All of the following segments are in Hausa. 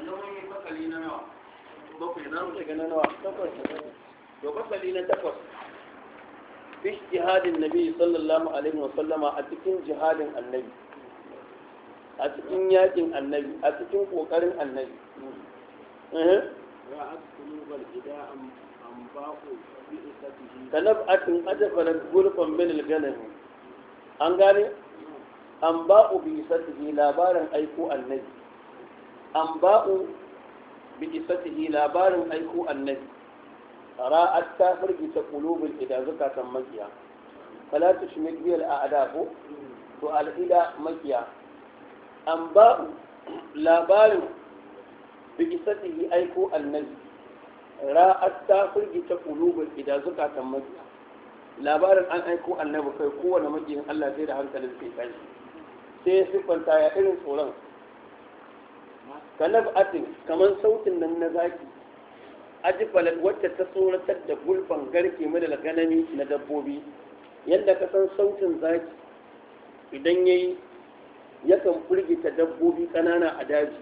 yanzu mun yi fasali na nawa bakwai na takwas fasali na fi jihadin nabi sallallahu alaihi wasallama a cikin jihadin annabi a cikin yakin annabi a cikin kokarin annabi kanab'atin ajabalat gurfan min al an gane an ba'u bi satihi labarin aiko annabi an ba'u bi isatihi labarin aiko annabi ra'at ta firgita qulubul ida zakatan makiya fala shi bi al a'da to al ida makiya an ba'u labarin bi isatihi aiko annabi ra'at ta firgita qulubul ida zakatan makiya labarin an aiko annabi kai kowane makiyin Allah sai da hankalin sai tashi sai ya siffanta ya irin tsoron kalab atin kamar sautin nan na zaki ajibalat wacce ta tsoratar da gulfan garke da ganami na dabbobi yadda ka san sautin zaki idan yayi yakan firgita dabbobi kanana a daji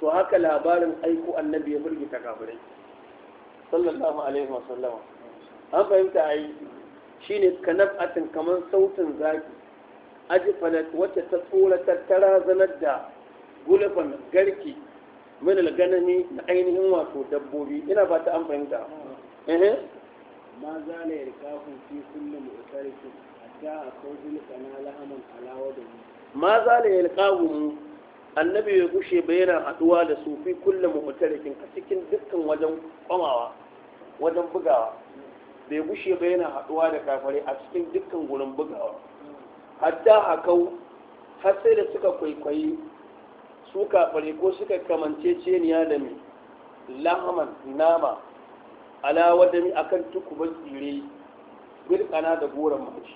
to haka labarin aiko annabi ya firgita kafirai sallallahu alaihi wasallama an fahimta a yi shi ne kanaf'atin kamar sautin zaki ajifalat wacce ta tsoratar ta razanar da gulafan garki minal ganami na ainihin wato dabbobi ina ba ta an fahimta ma za na yi kafin fi kullum mutarki a ta a kawai kana lahaman alawa da mu ma za na yi kawun annabi ya gushe yana haduwa da su fi kullum mutarkin a cikin dukkan wajen kwamawa wajen bugawa bai gushe ba yana haduwa da kafare a cikin dukkan gurin bugawa hatta hakau har sai da suka kwaikwayi su kafare ko suka kamance ni da mai lahaman nama ala wadani akan tukubar tsire birkana da goron mace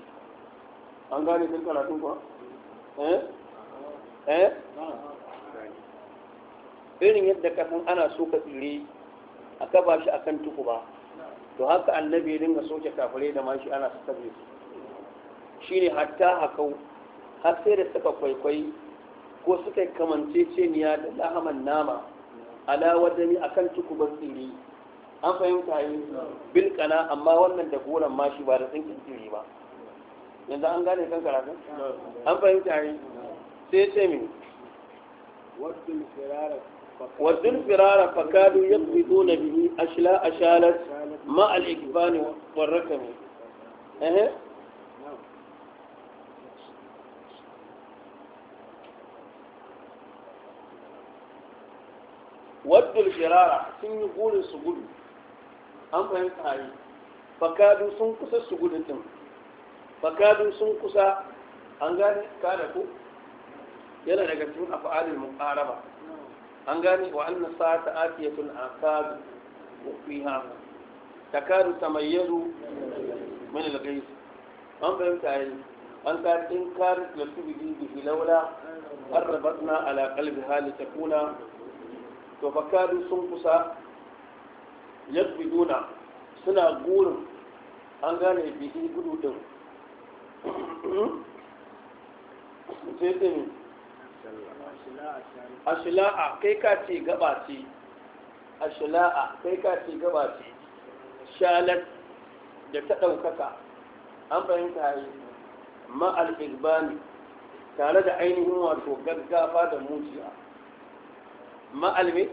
an gane sun karatun kuwa? eh? eh? irin yadda kafin ana so ka tsire a kaba shi akan tukuba to haka annabi ya dinga soke kafare da mashi ana su tabi su shine hatta hakau har sai da suka kwaikwai ko suka yi kamance niya da lahaman nama ala wadani akan tukubar tsiri an fahimta yi bilkana amma wannan da goron mashi ba da tsinkin tsiri ba yanzu an gane kan karatu an fahimta yi sai ce min wajen firara fakadu ya fito na biyu ashila ashalar ma'al ikbani warrakami waddul firara sun yi burin su gudu an fahimta hari fakadu sun kusa su gudun din fakadu sun kusa an gane kada ku. yana daga cikin af'alil muqaraba an gane wa anna sa'ata atiyatun akadu wa fiha takadu tamayyazu min al-ghayb an fahimta hari an ta in kar la tubidi bi laula arbatna ala qalbiha litakuna to bakadu sun kusa yakbiduna suna gurin an gane bihi gudu din sai ce ashila'a kai ka ce gaba ce ashila'a kai ka ce gaba ce shalat da ta ɗaukaka an fahimta yi ma'al igbani tare da ainihin wato gaggafa da mujiya ma'almi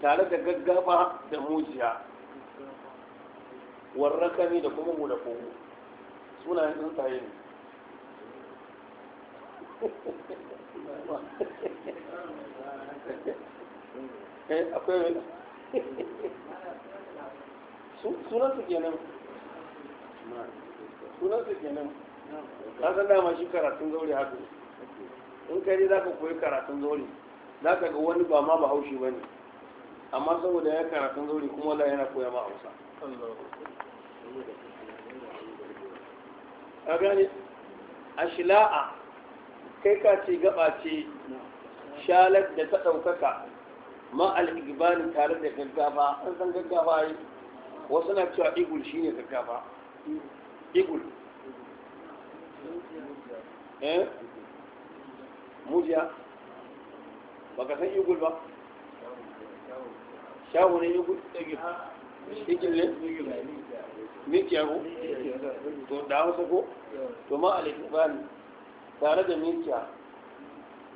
tare da gaggafa da mujiya warrakami da kuma mu da kogo sunayen tsuntsaye ne eh, akwai sunansu kenan sunansu kenan kasan dama shi karatun zaure haka in ne za ka koyi karatun zaure za ka ga wani ba ma bahaushe ba ne amma saboda ya karatun zauri kuma wala yana koya ma hausa a a shila'a kai ka ce gaba ce shalar da ta ɗaukaka ma al'igbalin tare da gaggafa an san gaggafa yi wasu na cewa igul shi ne gaggafa igul eh mujiya baka san igul ba shawo ne igul igil ne mikiya ko to da hausa ko to ma alifani tare da mikiya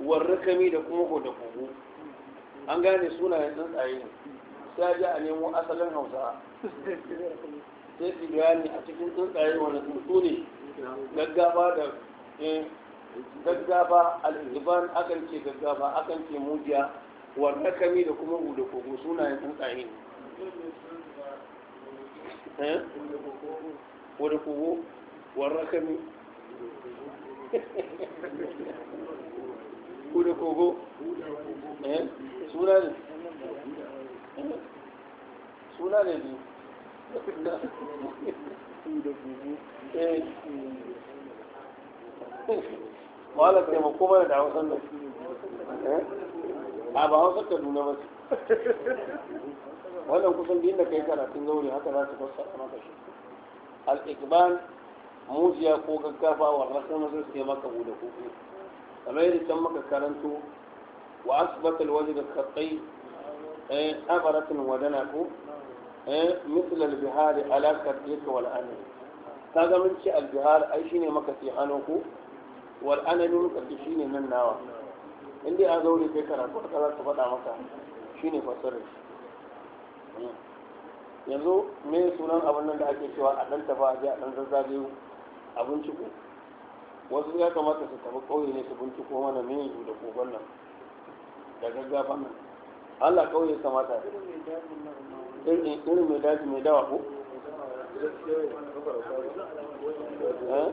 warrakami da kuma ko da kogo an gane sunayen tsuntsaye ne sai ji a nemo asalin hausa sai su ne a cikin tsuntsaye wani tsuntsu ne gaggaba da eh, gaggafa al'izban akan ce gaggafa akan ce mujiya kami da kuma huda kogo yin tsuntsaye ne eh? huda kogo kami hudu kogo eh? suna ne suna ne ne huda kogo wala taimako mana da hausan nan a eh? ba hausar ka nuna masu wannan kusan biyun da kai karatun zaure haka za su fassara maka shi al-ikbal mujiya ko gaggafa wa rasul masu sai maka bude kuku kamar yadda can maka karanto wa asbatal wajhi da khatai eh abaratun wadana ko eh misal al-bihari ala kadika wal anil kaga mun ce al-bihar ai shine maka sai hannu ko wal anamin ƙarfi shi ne nan nawa in dai a zaure kai karatu a za ta faɗa maka shi ne fasarar shi yanzu me sunan abin nan da ake cewa a ɗan tafa a a ɗan zazzage a binciko wasu ya kamata su tafi ƙauye ne su binciko mana me da kogon nan da gaggafan nan Allah ƙauye kamata irin mai daji mai dawa ko eh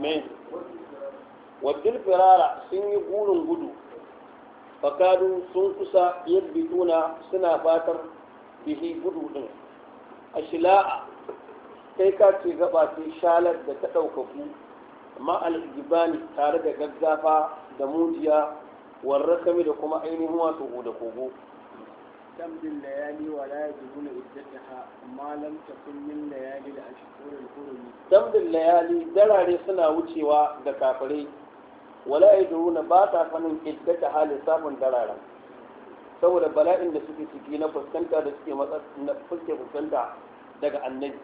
me wajen firara sun yi gurin gudu fakadu sun kusa yadda tuna suna fatar bihi gudu din a shila'a kai ka ce gaba ce shalar da ta ɗaukaku ma'al gibani tare da gaggafa da mujiya warrakami da kuma ainihin wato da kogo تمضي الليالي ولا يجدون عدتها ما لم تكن من ليالي الأشهر الحرم تمضي الليالي دراري رسنا وشيوا دكافري ولا يدرون باتا فنن عدتها لصاب درارا saboda bala'in da suke ciki na fuskanta da suke matsa fuske fuskanta daga annabi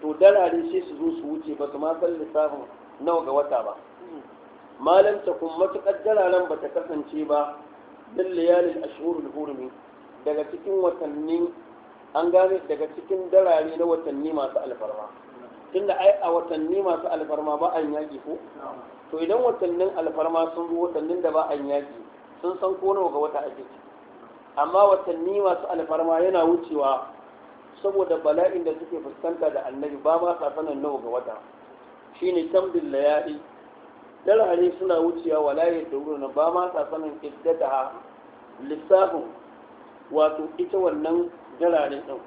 to dalare sai su zo su wuce ba su ma san lissafin nawa ga wata ba malam ta kun matuƙar dalaran ba ta kasance ba dalla yalin ashurul hurumi daga cikin watanni an gane daga cikin darare na watanni masu alfarma tunda ai a watanni masu alfarma ba an yaƙi ko to idan watannin alfarma sun zo watannin da ba an yaƙi sun san ko nawa ga wata ake ciki amma watanni masu alfarma yana wucewa saboda bala'in da suke fuskanta da annabi ba ma sa sanin nawa ga wata shine tamdil layali darare suna wucewa wala ya dauro na ba ma sa sanin iddataha lissafin wato ita wannan dararen ɗin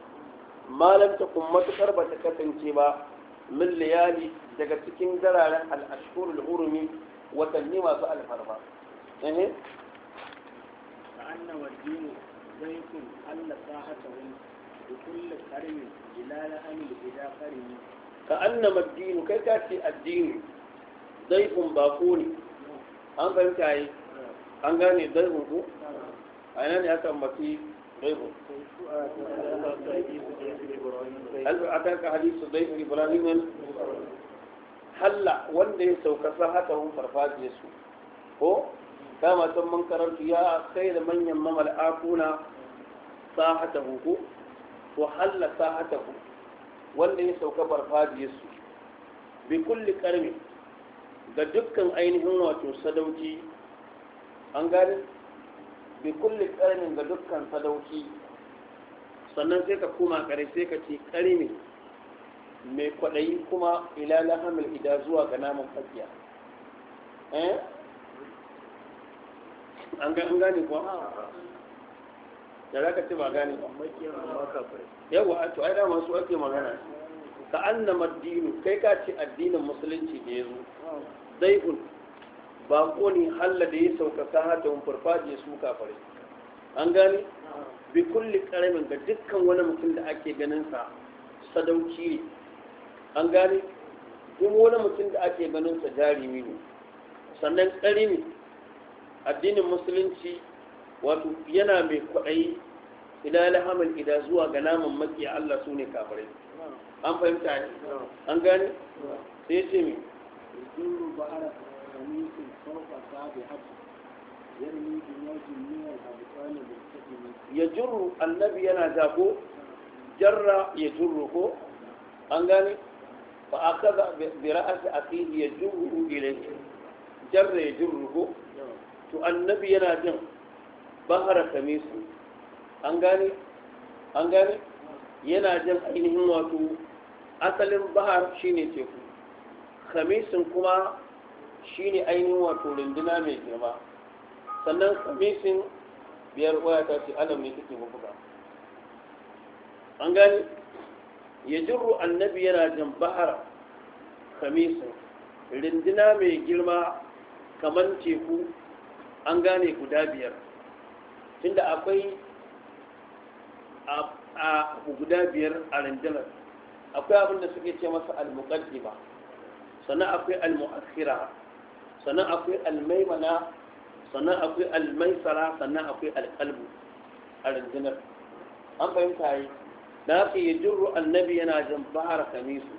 malam ta kuma matuƙar ba ta kasance ba min liyali daga cikin dararen al'ashkur al'urumi watanni masu alfarma ehe ta anna warjini zaitun allah ta hata wani da kulle karni jilala amil gida karni ka anna maddinu kai ka ce addini zaitun bako ne an fahimta yi an gane zai zaitun ko a nan ne aka ambaci gaibu alfa'ata ka hadisu zaifu ibrahim halla wanda ya sauka sa haka hun farfajiya su ko dama san man karantu ya kai da manyan mamal akuna sahata ko to halla sahata wanda ya sauka farfajiya su bi kulli karmi ga dukkan ainihin wato sadauki an gane bi kulli karnin ga dukkan sadauki sannan sai ka koma kare sai ka ce karni mai kwaɗayi kuma ila lahamil ida zuwa ga naman fakiya eh an gane kuwa da za ka ce ba gane ba yawa to ai dama su ake magana ka annama dinu kai ka ce addinin musulunci ne ya zo bako ne halla da ya sauka sahatun farfajiya su kafare an gane bi kulli karamin ga dukkan wani mutum da ake ganin sa sadauki ne an gane kuma wani mutum da ake ganin sa jarimi ne sannan karimi addinin musulunci wato yana mai kwaɗayi ila lahamal ida zuwa ga naman makiya Allah su ne an fahimta ne an gane sai ce mai ya jirru annabi yana zako jarra ya jirru ko an gane fa aka za bira ake ake ya jirru ilayhi jarra ya jirru ko to annabi yana jin bahara kamisu an gane an gani yana jin ainihin wato asalin bahar shine teku kamisun kuma Shi ne ainihin wato rinduna mai girma sannan kamisin biyar waya ta ce alam ne take muku ba an gani ya jirru annabi yana jan bahar kamisin runduna mai girma kamar teku an gane guda biyar tunda akwai a guda biyar a rindunar, akwai abin da suke ce masa al sannan akwai almuakhirah sannan akwai almaimana sannan akwai almaisara sannan akwai alkalbu a rundunar an fahimta yi da haka ya jirru annabi yana jan kame kamisu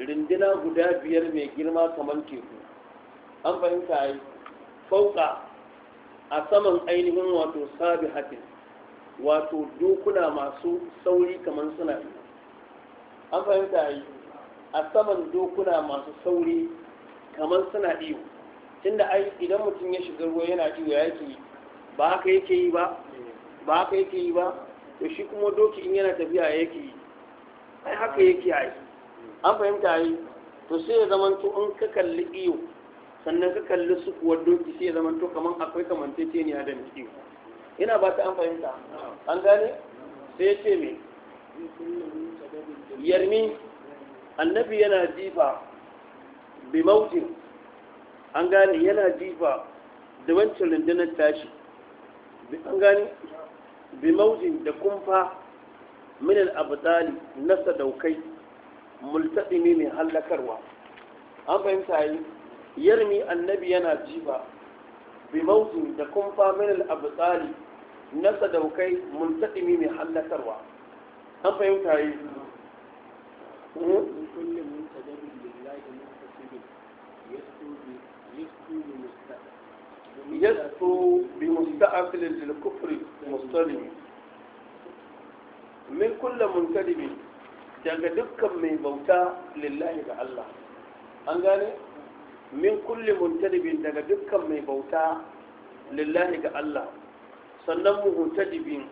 runduna guda biyar mai girma kamar teku an fahimta yi fauka a saman ainihin wato sabi hatin wato dokuna masu sauri kamar suna an fahimta yi a saman dokuna masu sauri kamar suna iyo tunda ai idan mutum ya shiga ruwa yana iyo ya yake ba haka yake yi ba ba haka yake yi ba to shi kuma doki in yana tafiya yake yi ai haka yake yi an fahimta yi to sai ya zama to in ka kalli iyo sannan ka kalli su kuwa doki sai ya zama to kaman akwai kamanceceniya da iyo ina ba ta an fahimta an gane sai ya ce me yarmi annabi yana jifa bi mautin an gane yana jifa da wancan rundunar tashi an gane bi maujin da kumfa min al-abdali na sadaukai ne mai hallakarwa an fahimta yi yarmi annabi yana jifa bi maujin da kumfa min al-abdali na sadaukai ne mai hallakarwa an fahimta yi bi يسطو بمستعقل للكفر مصطلم من كل منكذب daga dukkan mai bauta lillahi ga Allah an gane min kulli muntajibin daga dukkan mai bauta lillahi ga Allah sannan muntajibin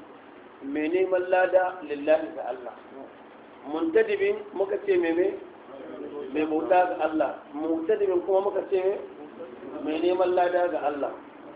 mai neman lada lillahi ga Allah muntajibin muka ce mai mai bauta ga Allah muntajibin kuma muka ce mai neman lada ga Allah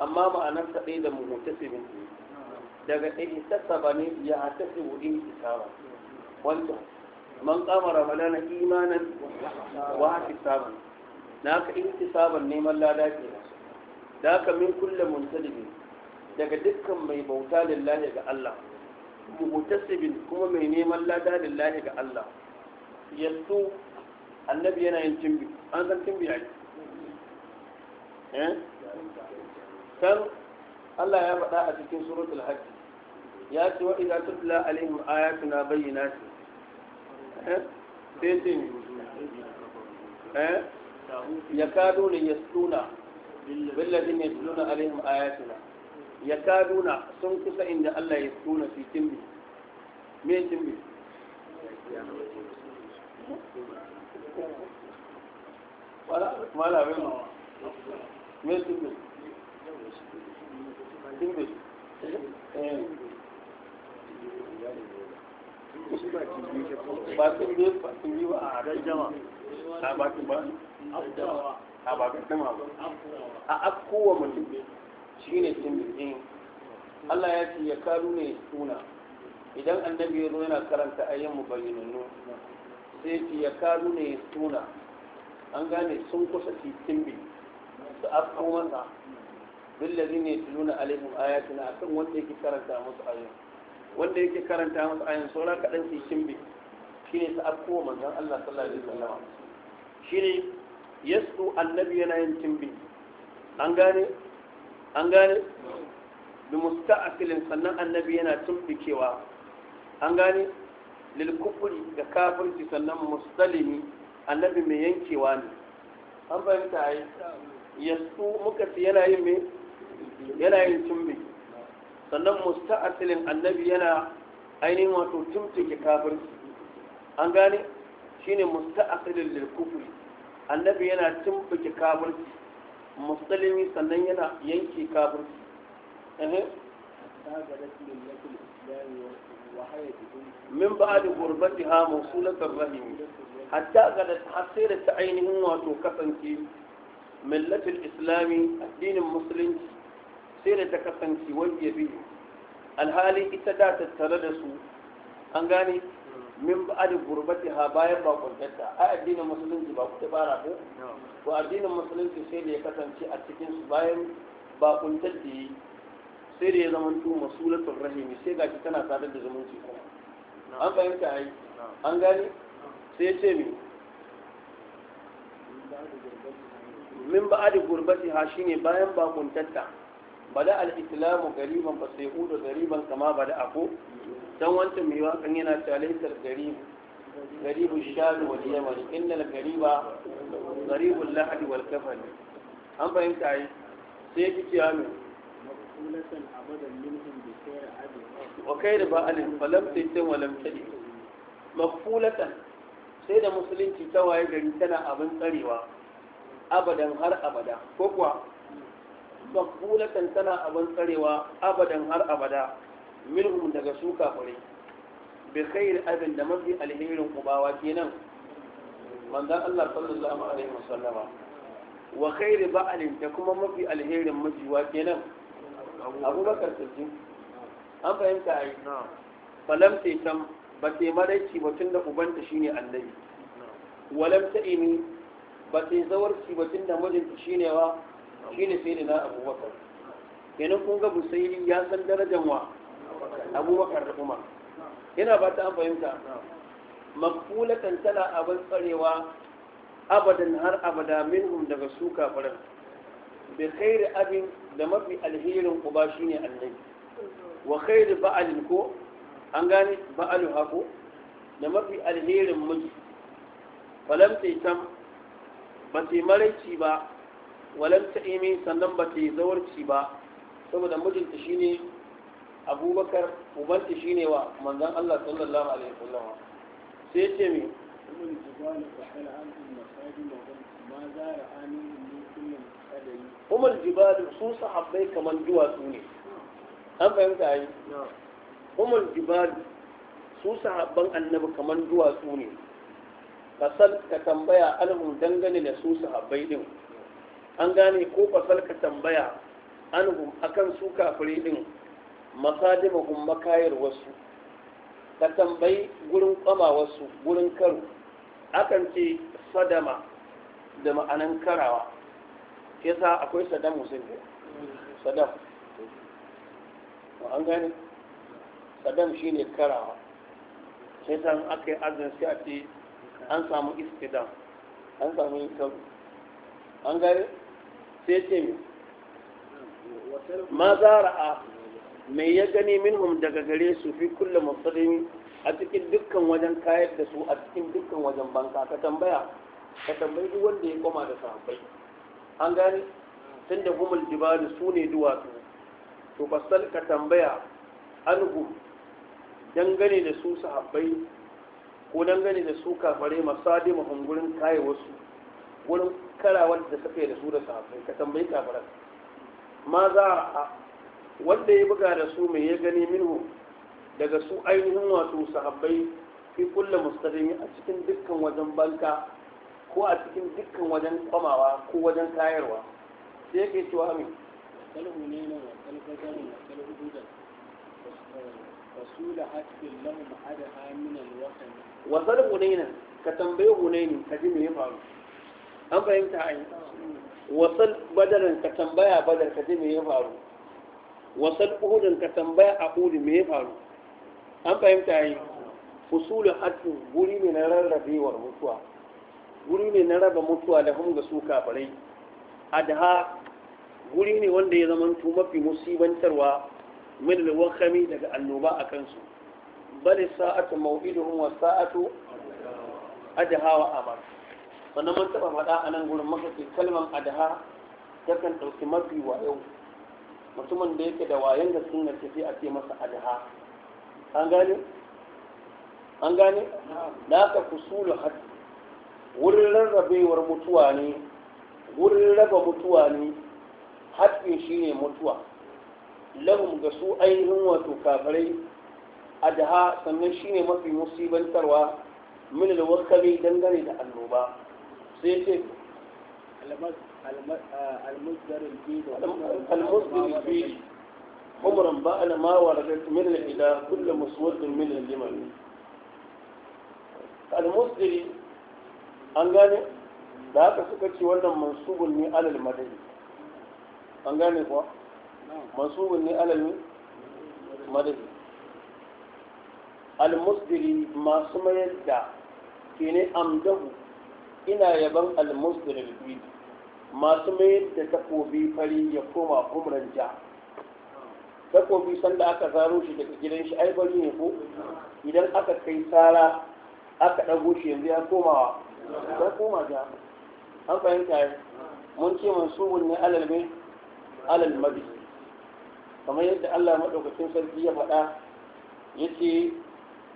amma ma'anar sa da mutasibin daga ihtasaba ne ya hatasibu ihtisaba wanda man qama ramadana imanan wa ihtisaban naka ihtisaban neman lada ke da ka min kullu muntalibi daga dukkan mai bauta lillahi ga Allah mutasibin kuma mai neman lada lillahi ga Allah yasu annabi yana yin timbi an san timbi ai eh كان الله يا فدا ا cikin سوره الحج يا تي واذا تتلى عليهم اياتنا بينات ها تيتين ها يكادون يسطون بالذين يسطون عليهم اياتنا يكادون سن كسا ان الله يسطون في تمي مين تمي ولا ولا وين مين تيمبي a jama a mutum shi ne timbi Allah ya ce ya karu ne suna idan annabi ya zo yana karanta ayyan mubayyinannu sai ce ya karu ne suna an gane sun kusa timbi su afko masa billazina yatluna alaihim ayatina akan wanda yake karanta musu ayoyin wanda yake karanta musu ayoyin saura kadan sai kimbi shine sa akko manzon Allah sallallahu alaihi wasallam shine yasu annabi yana yin kimbi an gane an gane bi musta'asilin sannan annabi yana tumbikewa an gane lil kufri da kafirci sannan musalimi annabi mai yankewa ne an fahimta ai yasu muka ci yana yin mai yana yin tumbi sannan musta'asilin annabi yana ainihin wato tumtuke kafirci an gane shine musta'asilin lil annabi yana tumtuke kafirci musulmi sannan yana yanke kafirci eh min ba'd gurbatiha mawsulatur rahim hatta gadat da ta ainihin wato kasance millatul islami addinin musulunci sai da ta kasance wajen bi alhali ita da tattare da su an gane min ba da gurbati ha bayan kwantarta a addinin musulunci ba ku tabara ko ko addinin musulunci sai da ya kasance a cikin su bayan ba kwantarta yi sai da ya zama to masulatul rahimi sai ki tana sadar da zumunci kuma an fahimta ai an gane sai ce mi min ba da gurbati ha shine bayan kwantarta bada al-islamu gariban ba sai udu gariban kama bada ako don wancan mai wakan yana talaitar garibu garibu shalu wal yamani innal gariba garibul lahadi wal kafani an fahimta yi sai yake cewa mai wa kai da ba'alin falam sai walam tadi maqfulatan sai da musulunci ta waye gari tana abin tsarewa abadan har abada ko kuwa maqbulatan tana abin tsarewa abadan har abada minhum daga su kafare bi khair abin da mafi alherin kubawa kenan manzon Allah sallallahu alaihi wasallama wa khair ba'alin ta kuma mafi alherin mijiwa kenan Abu abubakar sirri an fahimta a yi falam taitan ba ta maraici ba tun da ubanta shine annabi walam ta ini ba ta zawarci ba tun da mijinta shine wa shine sai na abubakar kenan kun ga busairi ya san darajan wa abubakar da umar yana ba ta an fahimta makfulatan tana abin tsarewa abadan har abada minhum daga su kafirin bi khairi abin da mafi alherin uba shine annabi wa khairi ba'alin ko an gane ba'alu hako da mafi alherin miji falam tam ba sai maraici ba walam ta'imi sannan ba ta yi zawarci ba saboda mijinta shi ne abubakar ubanta ne wa manzon Allah sallallahu alaihi wasallam sai ya ce me wa hal an masajid ma min umar jibal su sahabbai kamar duwatsu ne an fahimta yi umar jibal su sahabban annabi kamar duwatsu ne kasal ka tambaya alhum dangane da su sahabbai din an gane ko fasalka tambaya an anhum akan su kafiri din masadimahum makayar wasu ka tambayi gurin kwama wasu gurin karo akan ce sadama da ma'anan karawa yasa akwai sadam da sadam an gane sadam shine karawa sai san aka yi arzin sai a ce an samu istidam an samu yin karo an gane sai ce ma ra'a mai ya gani minhum daga gare su fi kulle musulmi a cikin dukkan wajen kayar da su a cikin dukkan wajen banka ka tambaya ka tambayi duk wanda ya koma da sahabbai an gane tun da humul jibalu su ne duwatsu to fasal ka tambaya anhu dangane da su sahabbai ko dangane da su kafare masadi mahungurin kayewarsu wasu wurin karawar da suka yi da su da sahabbai ka tambayi kafiran ma za a wanda ya buga da su mai ya gani minhu daga su ainihin wato sahabbai fi kulla mustadimi a cikin dukkan wajen banka ko a cikin dukkan wajen kwamawa ko wajen tayarwa sai yake cewa mai kalhu ne na kalfazarin da kalhududan rasul hatfin lahum adaha min alwatan wasar hunaina ka tambaye hunaini ka ji me ya faru an fahimta a yi wasan badarin ka tambaya badar ka ji me ya faru wasan uhudin ka tambaya a uhudin me ya faru an fahimta a yi fusulun hatu guri ne na rarrabewar mutuwa guri ne na raba mutuwa da hunga su kafirai ha, guri ne wanda ya zama tu mafi musibantarwa min alwakami daga annoba a kansu bal sa'atu maw'iduhum wa sa'atu a hawa a amara wannan mun taɓa faɗa a nan gurin maka ce kalmar adaha kan ɗauki mafi wayo mutumin da yake da wayan da sunna ce sai a ce masa adaha an gane an gane da aka kusulu hadi wurin rarrabewar mutuwa ne wurin raba mutuwa ne haɗin shi ne mutuwa lahum ga su ainihin wato kafirai adaha sannan shi ne mafi musibantarwa min alwakali dangane da annoba sai ce المصدر الفيل حمرا بأنا ما وردت من الإله كل مسود من الجمل المصدر an gane da haka suka ce wannan mansubun ne alal madani an gane kuwa mansubun ne alal madani al-musdiri masu mayar da ke ne ina yaban almuslim biyu masu mayar da takobi fari ya koma umran ja takobi sanda aka zaro shi daga gidan shi ai bari ne ko idan aka kai tsara aka dago shi yanzu ya koma ya koma ja an fahimta mun ce mansubun ne alal mai alal mabi kamar yadda Allah madaukakin sarki ya faɗa yace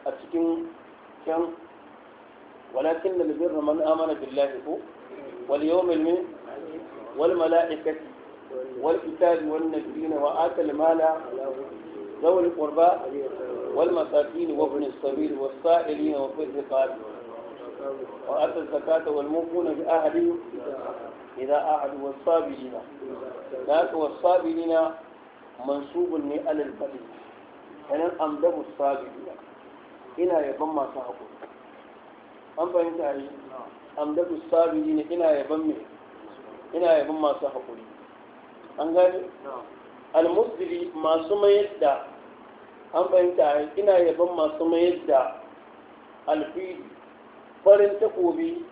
a cikin can ولكن البر من آمن بالله هو واليوم المين والملائكة والكتاب والنبيين وآتى المال ذوي القربى والمساكين وابن السبيل والسائلين وفي الرقاب وآتى الزكاة والموفون بأهلهم إذا أعدوا والصابرين ذاك والصابرين منصوب من أهل البلد أنا أمدب الصابرين إلى يضم صاحبه an fahimta a yi amdadu sabiri ne ina yaban mai ina yaban masu haƙuri an gane almusbili masu mayar da an fahimta a yi ina yaban masu mayar da alfili farin takobi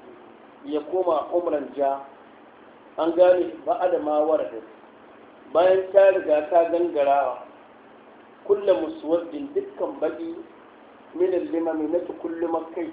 ya koma umran ja an gane ba adama waradin bayan ta riga ta gangarawa kulla musuwaddin dukkan baƙi min limami na tukullu makai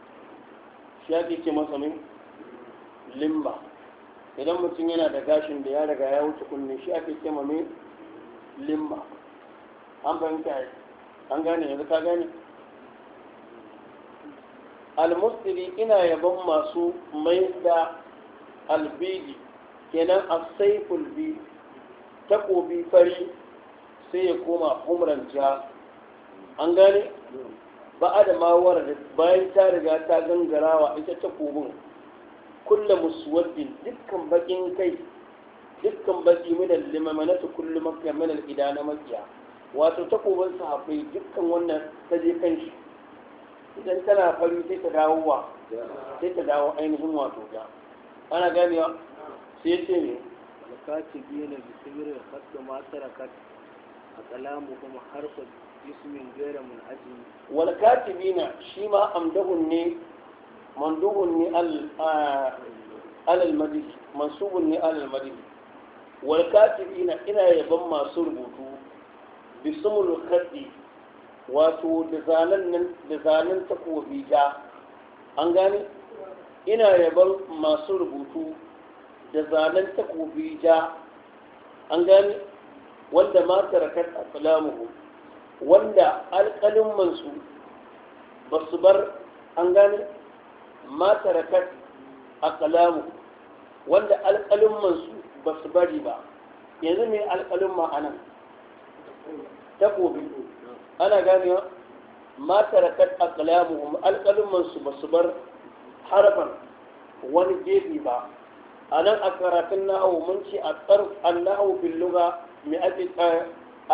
ya ke ce masa min limba idan mutum yana da gashin da ya daga ya wuce kunne shi ake ce ma min limba an fahimta an gane yanzu ka gane almustiri ina yabon masu mai da albidi kenan a saiful bi takobi fari sai ya koma umran ja an gane ba da mawar bayan ta riga ta gangarawa ita ta kubin kulla musuwaddin dukkan bakin kai dukkan baki minal limamanatu kullu makiya minal idana makiya wato takobin akwai dukkan wannan ta je kan shi idan tana fari sai ta dawo wa sai ta dawo ainihin wato ga ana ganewa sai ce ne malakati biyu na bisibirin hatta ma tarakat a kalamu kuma harfa ismin gaira munhazim wal shi ma amdahun ne mandubun ne alal madhi mansubun ne alal madhi wal ina yaban masu rubutu bismul kaddi, wato da zanen nan takobi ja an gane ina yaban masu rubutu da zanen takobi ja an gane wanda ma tarakat aqlamuhum wanda alƙalinmansu ba su bar an gane matarakat a kalamu wanda alƙalinmansu ba su bari ba yanzu mai alƙalin ma'anan takobi ana ganewa matarakat a kalamu alƙalinmansu ba su bar harafan wani gefe ba a nan a karatun nahawu mun ce a tsarf an nahawu bin luga mai ake eh,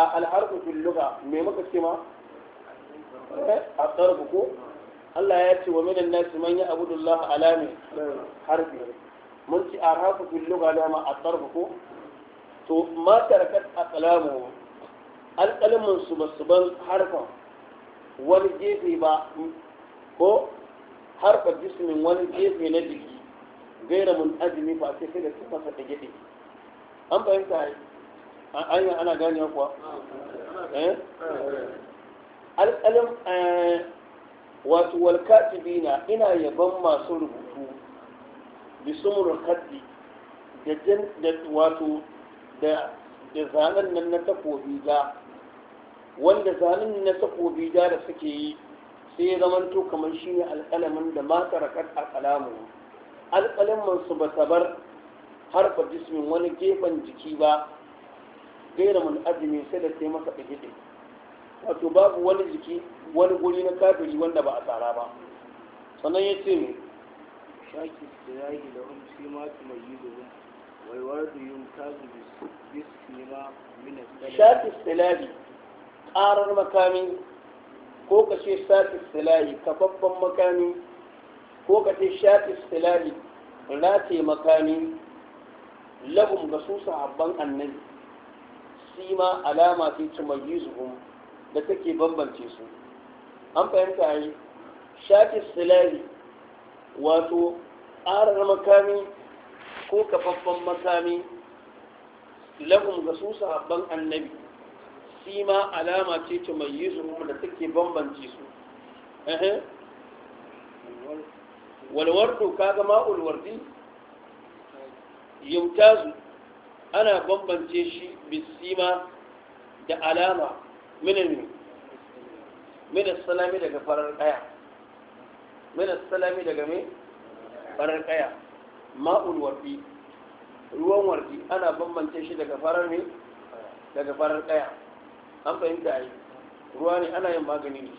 A alharfu fil lugha me muka ce ma eh, a tsarku ko Allah ya ce wa minan nas man ya abudullah ala min harfi mun ci arhafu fil lugha da ma a tsarku ko to ma tarakat aqlamu alqalamin su basu ban harfan wani gefe ba ko harfa jismin wani gefe na jiki gaira mun azumi fa sai kai da suka fata gidi an fahimta an ana gane kuwa eh alƙalin eh, wato walkatibina ina yaban masu rubutu bisumur haddi da wato da zanen nan na takobi da wanda zanen na takobi da da suke yi sai ya zamanto kamar shi ne alƙalamin da mata rakar alƙalamu alƙalamin su ba sabar harfa jismin wani gefen jiki ba gaira mun azumi sai da sai masa ɗigidi wato babu wani jiki wani guri na kafiri wanda ba a tsara ba sannan ya ce mai shaki da yayi da hun fi ma su mai yi da waiwar da yin kazu bis nema mina shaki silabi ƙarar makami ko ka ce shaki silabi kafaffen makami ko ka ce shaki rataye makami ga su sahabban annabi sima alama ce ta mayyizuhum da take bambance su an fahimta yi shafi silali wato ƙarar makami ko kafaffan makami lahum ga su sahabban annabi sima alama ce ta mayyizuhum da take bambance su walwardu kaga ma'ul wardi yumtazu ana bambance shi bisima da alama minami minas salami daga farar kaya minas salami daga mai farar kaya ma'ul warfi ruwan warfi ana bambance shi daga farar ne daga farar kaya an fahimta yi ruwa ne ana yin magani ne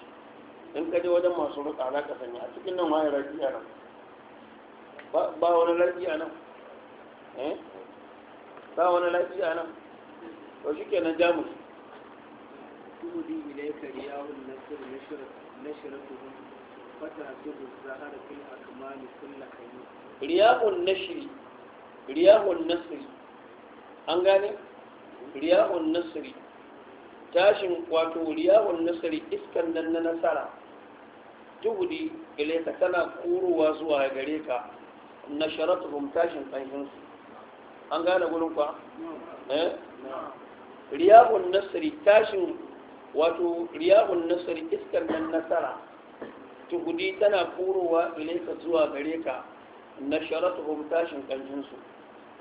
in ka je wajen masu rutsa na ka sanya a cikin nan wani rafi a nan ba wani rafi a nan eh ba wani lafiya nan ba shi kenan jamus تهدي إليك رياء an gane nasiri tashin wato riya'un nasiri iskan nan na nasara tuhudi ka tana kuruwa zuwa gare ka na sharatu tashin ƙanshinsu an gane gurin kwa eh riyahun nasri tashin wato riyahun nasri iskar nan nasara tuhudi tana furowa ilaika zuwa gare ka na sharatuhum tashin kanjin su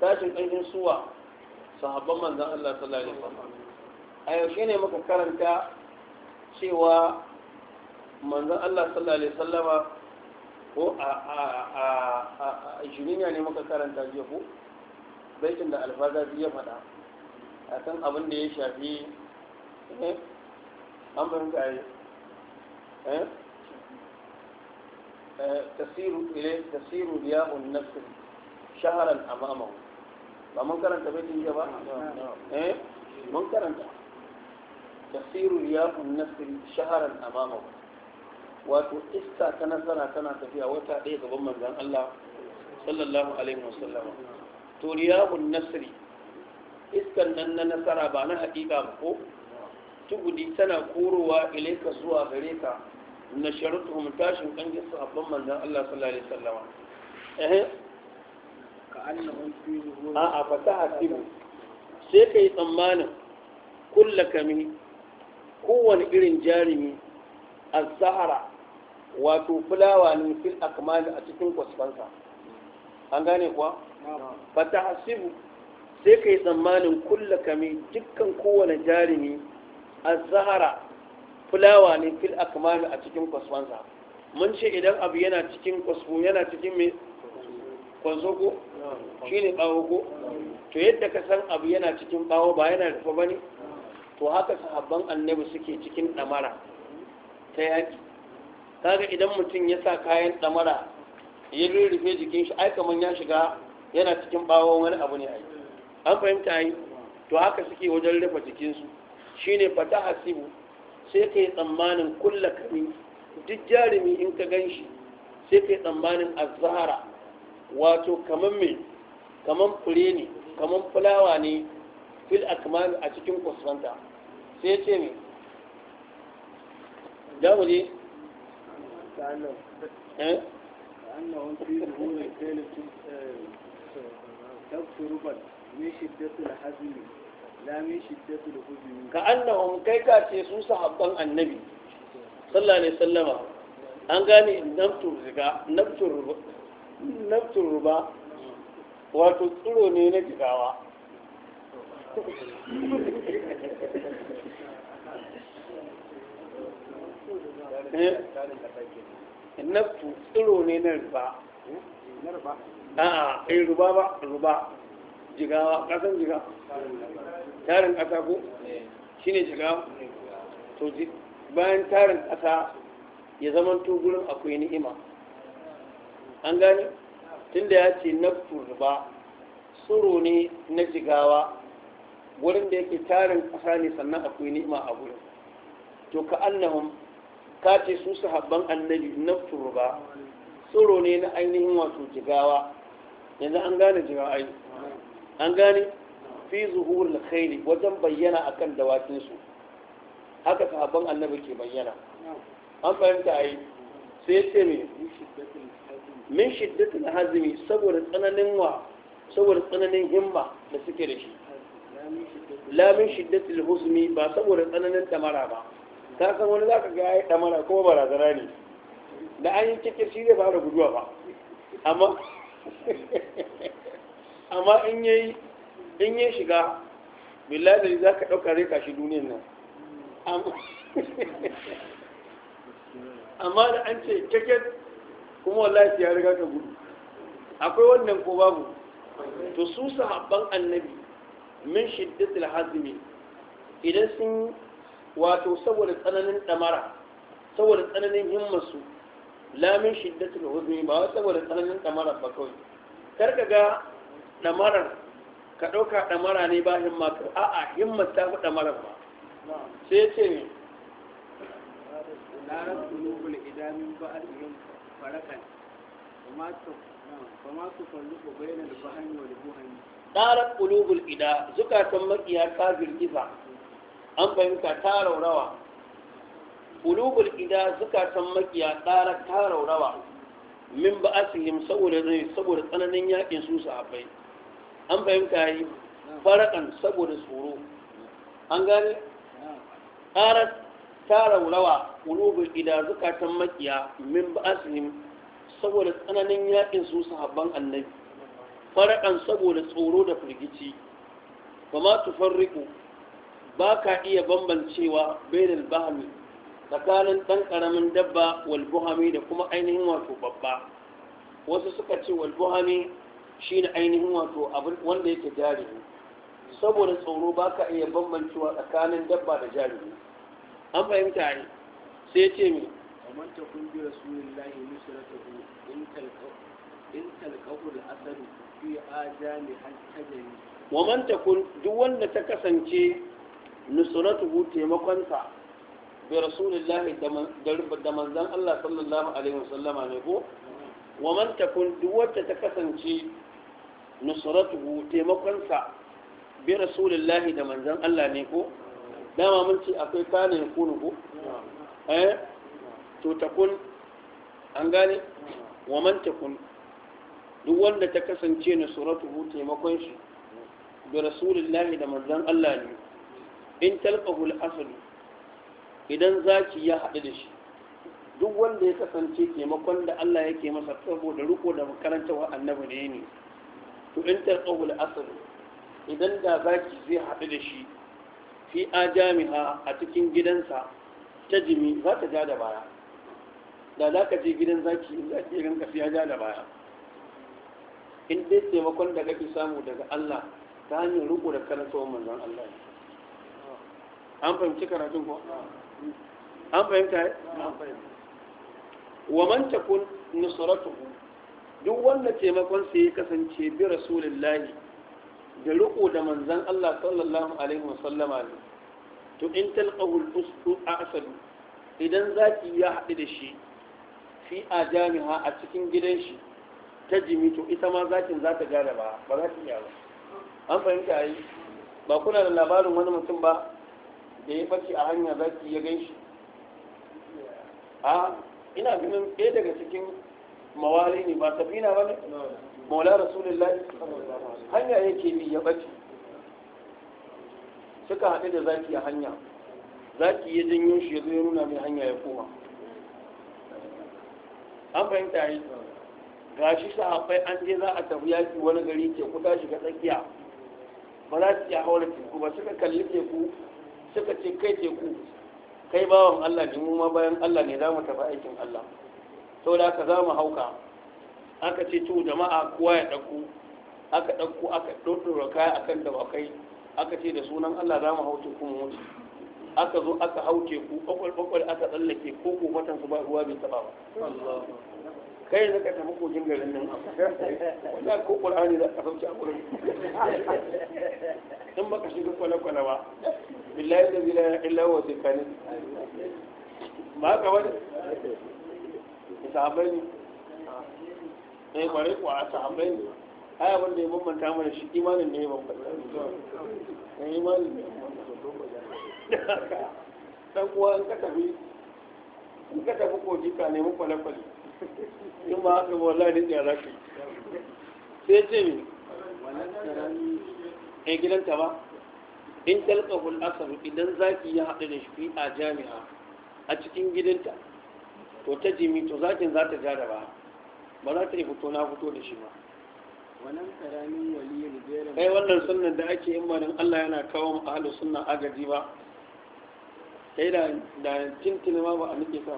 tashin kanjin suwa sahabban manzon Allah sallallahu alaihi wasallam a yaushe ne muka karanta cewa manzon Allah sallallahu alaihi wasallama ko a a a a ne muka karanta jiya baitin da alfazazi ya faɗa a kan abin da ya shafi eh, an fahimta yi eh, eh, tasiru ile tasiru riyahun nafsin shaharan amamahu ba mun karanta baitin ya ba eh mun karanta tasiru riyahun nafsin shaharan amamahu wato iska ta nasara tana tafiya wata ɗaya gaban manzon Allah sallallahu alaihi wasallama to riyabun nasri iskan nan na nasara ba na haƙiƙa ba ko tugudi tana korowa ilaika zuwa gare ka na sharutu tashin kangin sahabban manzan Allah sallallahu alaihi wasallam eh ka annahu a a fataha tibu sai kai tsammanin kullakami kowane irin jarumi az-zahara wato fulawa ne fil akmal a cikin kwasfansa an gane kuwa fata hasibu sai ka yi tsammanin kulla kami dukkan kowane jarumi a zahara fulawa ne fil akamami a cikin kwasfansa mun ce idan abu yana cikin kwasfo yana cikin mai kwanso ko shi ne ɓawo ko to yadda ka san abu yana cikin ɓawo ba yana rufe ba ne to haka sahabban annabi suke cikin ɗamara ta yaƙi kaga idan mutum ya sa kayan ɗamara ya rurrufe jikin shi ai ya shiga yana cikin bawon wani abu ne ai an fahimta ai to haka suke wajen rufe jikinsu shine fata hasibu sai kai tsammanin kulla kami duk jarumi in ka gan shi sai kai tsammanin azahara wato kaman mai kaman fure ne kaman fulawa ne fil akmal a cikin kusanta sai ce mai da mu je eh takturuban min shiddatul hazmi la min shiddatul ka annahum kai ka ce su sahabban annabi sallallahu alaihi wasallama an gane naftur riga ruba wato tsiro ne na jigawa eh, naftu tsiro ne na riba eh, a'a eh ruba ba ruba jigawa kasan jiga tarin kasa ko shine jigawa to bayan tarin kasa ya zama to gurin akwai ni'ima an gani tunda ya ce na ruba tsoro ne na jigawa wurin da yake tarin kasa ne sannan akwai ni'ima a gurin to ka annahum ka ce su sahabban annabi na turba tsoro ne na ainihin wato jigawa yanzu an gane jima'ai an gane fi zuhurul khairi wajen bayyana akan dawakin su haka sahabban annabi ke bayyana an fahimta ai sai ce me min shiddatul hazmi saboda tsananin wa saboda tsananin himma da suke da shi la min shiddatul husmi ba saboda tsananin damara ba ka san wani zaka ga yayi damara kuma barazana ne da an yi kike shi zai fara guduwa ba amma amma in yi ya shiga billahi za ka ɗauka zai shi duniyan nan amma da an ce keket kuma wallahi ya riga ka gudu akwai wannan ko babu to su sahabban annabi min shiddatil hazmi idan sun wato saboda tsananin damara saboda tsananin himmarsu lamin shiddatul uzmi ba wata saboda tsananin damara ba kawai kar ka ga damarar ka ɗauka damara ne ba himma ka a'a himma ta fi damarar ba sai ce ne larar kulubul idanun ba a yin farakan kuma su kwallo ko bayan alfahani wa alfahani larar kulubul ida zukatan makiya kafin kifa an fahimta ta raurawa qulubul ida suka zukatan makiya tsara ta raurawa min ba'asihim saboda zai saboda tsananin yakin su sahabbai an fahimta yi farakan saboda tsoro an gane ƙarar ta raurawa ƙulubin ida zukatan makiya min ba ba'asihim saboda tsananin yakin su sahabban annabi farakan saboda tsoro da firgici ba ma tufarriku ba ka iya bambancewa bainal bahami tsakanin ɗan ƙaramin dabba walbuhami da kuma ainihin wato babba wasu suka ce walbuhami shi ne ainihin wato wanda yake jarumi saboda tsoro ba ka iya bambancewa tsakanin dabba da jarumi an fahimta ne sai ce mai kamar ta kun bi rasulullahi nusratahu in talqahu da asali fi a fi ajami hal wa man kun duk wanda ta kasance nusratuhu taimakonsa bi rasulillahi da manzan Allah sallallahu alaihi wasallama ne ko wa man takun duk wacce ta kasance nusratuhu taimakonsa bi rasulillahi da manzan Allah ne ko dama mun ce akwai kana ya kunu ko eh to takun an gane wa man takun duk wanda ta kasance nusratuhu taimakon shi bi rasulillahi da manzan Allah ne in talqahu al-aslu idan zaki ya haɗu da shi duk wanda ya kasance taimakon da Allah yake masa saboda riko da makarantawa annabi ne ne to in da asr idan da zaki zai haɗu da shi fi a jami'a a cikin gidansa ta jimi za ta ja da baya da za ka je gidan zaki in zaki irin ka ya ja da baya in dai taimakon da kake samu daga Allah ta hanyar riko da karantawa manzon Allah an fahimci karatun ko an fahimta ya wa man takun nusratuhu duk wanda taimakon sai ya kasance bi rasulillahi da riko da manzan Allah sallallahu alaihi wasallama ne to in talqahu al-usdu asadu idan zaki ya hadu da shi fi ajamiha a cikin gidan shi ta jimi to ita ma zakin za ta gane ba ba za ta iya ba an fahimta yi ba kuna da labarin wani mutum ba da ya bace a hanya za ki gan shi a ina ganin ɗaya daga cikin mawari ne ba safina ba ne maula rasulullahi hanya yake bi ya bace suka haɗu da zaki a hanya zaki ya janyo shi ya ya nuna mai hanya ya koma an fahimta yi gashi sahabbai an je za a tafi yaki wani gari teku ta shiga tsakiya ba za su iya haura teku ba suka kalli teku suka ce kai teku kai bawan Allah ne mu ma bayan Allah ne za mu tafi aikin Allah da aka za mu hauka aka ce to jama'a kowa ya ɗauko aka ɗauko aka ɗaukura kaya akan dawakai aka ce da sunan Allah za mu hau teku mu wuce aka zo aka hau teku ƙwaƙwal aka tsallake ko ko matan su ba ruwa bai taɓa ba kai yanzu ka tafi kogin garin nan wanda ko ƙulani za ka sauke a wurin in ba ka shiga kwale-kwale ba billahi da zila illa wa sai kani ba ka wani sahabai ne eh kwarai ko a sahabai ne ai abin da ya bambanta mana shi imanin ne ya bambanta eh, imanin ne ya bambanta dan uwa in ka tafi in ka tafi kogi ka nemi kwale-kwale in ba haka wallahi ne tsara rafi sai ce ne a gidanta ba in talqahul asaru idan zaki ya haɗu da shi a jami'a a cikin gidanta to ta jimi to zakin za ta ja da ba ba za ta yi fito na fito da shi ba wannan karamin ai wannan sunnan da ake yin don Allah yana kawo mu ahlus sunan agaji ba kai da da tintin ma ba a nake sa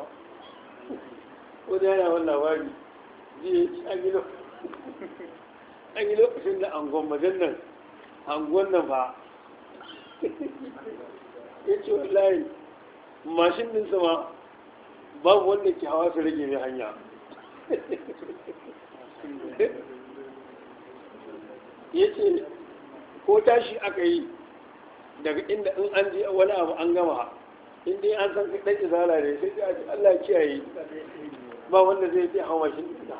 ko da yana wannan labari jiya an yi an yi lokacin da angon majan nan angon nan ba ya ce wallahi mashin din sama babu wanda ke hawa su rage mai hanya ya ce ko tashi aka yi daga inda in an je wani abu an gama in dai an san dan izala ne sai ji Allah kiyaye ba wanda zai bi hawashin ita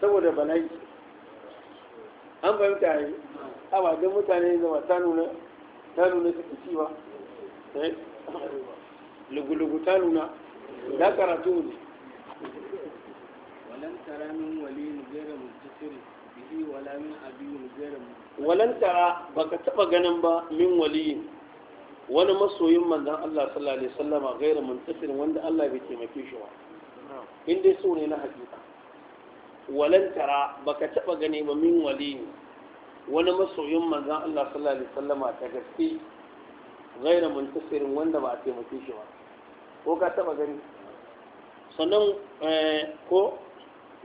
saboda bala'i an fahimta yi a ba don mutane zama ta nuna ta nuna suke ci ba eh? lugu-lugu ta nuna da karatu ne walan tara min wali nigera mutasiri bihi wala min abi nigera walan tara baka taba ganin ba min waliyin wani masoyin manzan Allah sallallahu alaihi wasallama gairar muntasirin wanda Allah bai taimake shi ba in dai so ne na hakika walan tara baka taba gane ba min wali wani masoyin manzan Allah sallallahu alaihi wasallama ta gaske gairar muntasirin wanda ba a taimake shi ba ko ka taba gani sannan eh, ko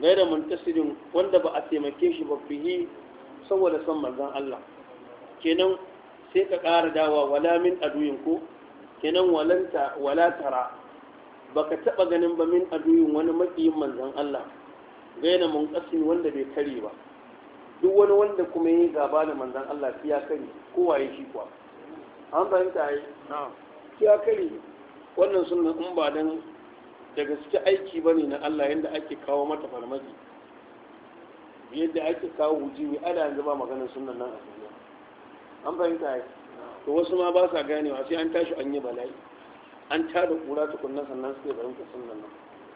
gaira muntasirin wanda ba a taimake shi ba fihi saboda son manzan Allah kenan sai ka ƙara dawa wala min aduyin ko kenan walanta wala tara baka taɓa ganin ba min aduyin wani maƙiyin manzon Allah gaina mun wanda bai kare ba duk wani wanda kuma yi gaba da manzon Allah shi ya kare kowa ya shi kuwa an fahimta yi shi ya kare wannan sunan in ba dan da gaske aiki bane na Allah yanda ake kawo mata farmaki yadda ake kawo hujji ala yanzu ba maganar sunan nan a duniya an fahimta ya to wasu ma ba sa ganewa sai an tashi an yi bala'i an da kura tukunna sannan suke fahimta sunan nan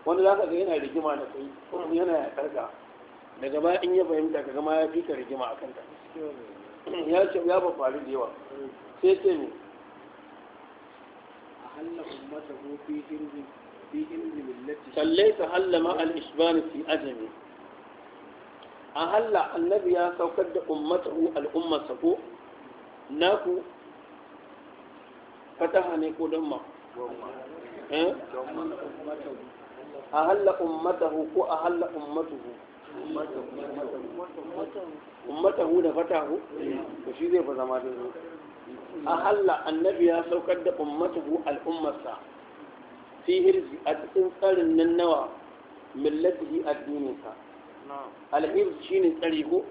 wanda za ka ga yana rigima da kai kuma yana ya karka daga baya in ya fahimta ka gama ya fi ka rigima a kanta ya ce ya ba faru da yawa sai ce ne halla ummata ko fi fi hirzi millati sallaita halla ma al isbani fi ajami a halla annabi ya saukar da ummata al'ummarsa sako. naku fataha ne ko don ma eh? a halla ummatahu ko a halla ummatuhu ummatahu da fatahu ko shi zai fa zama da zo a halla annabi ya saukar da ummatuhu al'ummarsa fi hirzi a cikin tsarin nan nawa millatihi addininsa shi ne tsari ko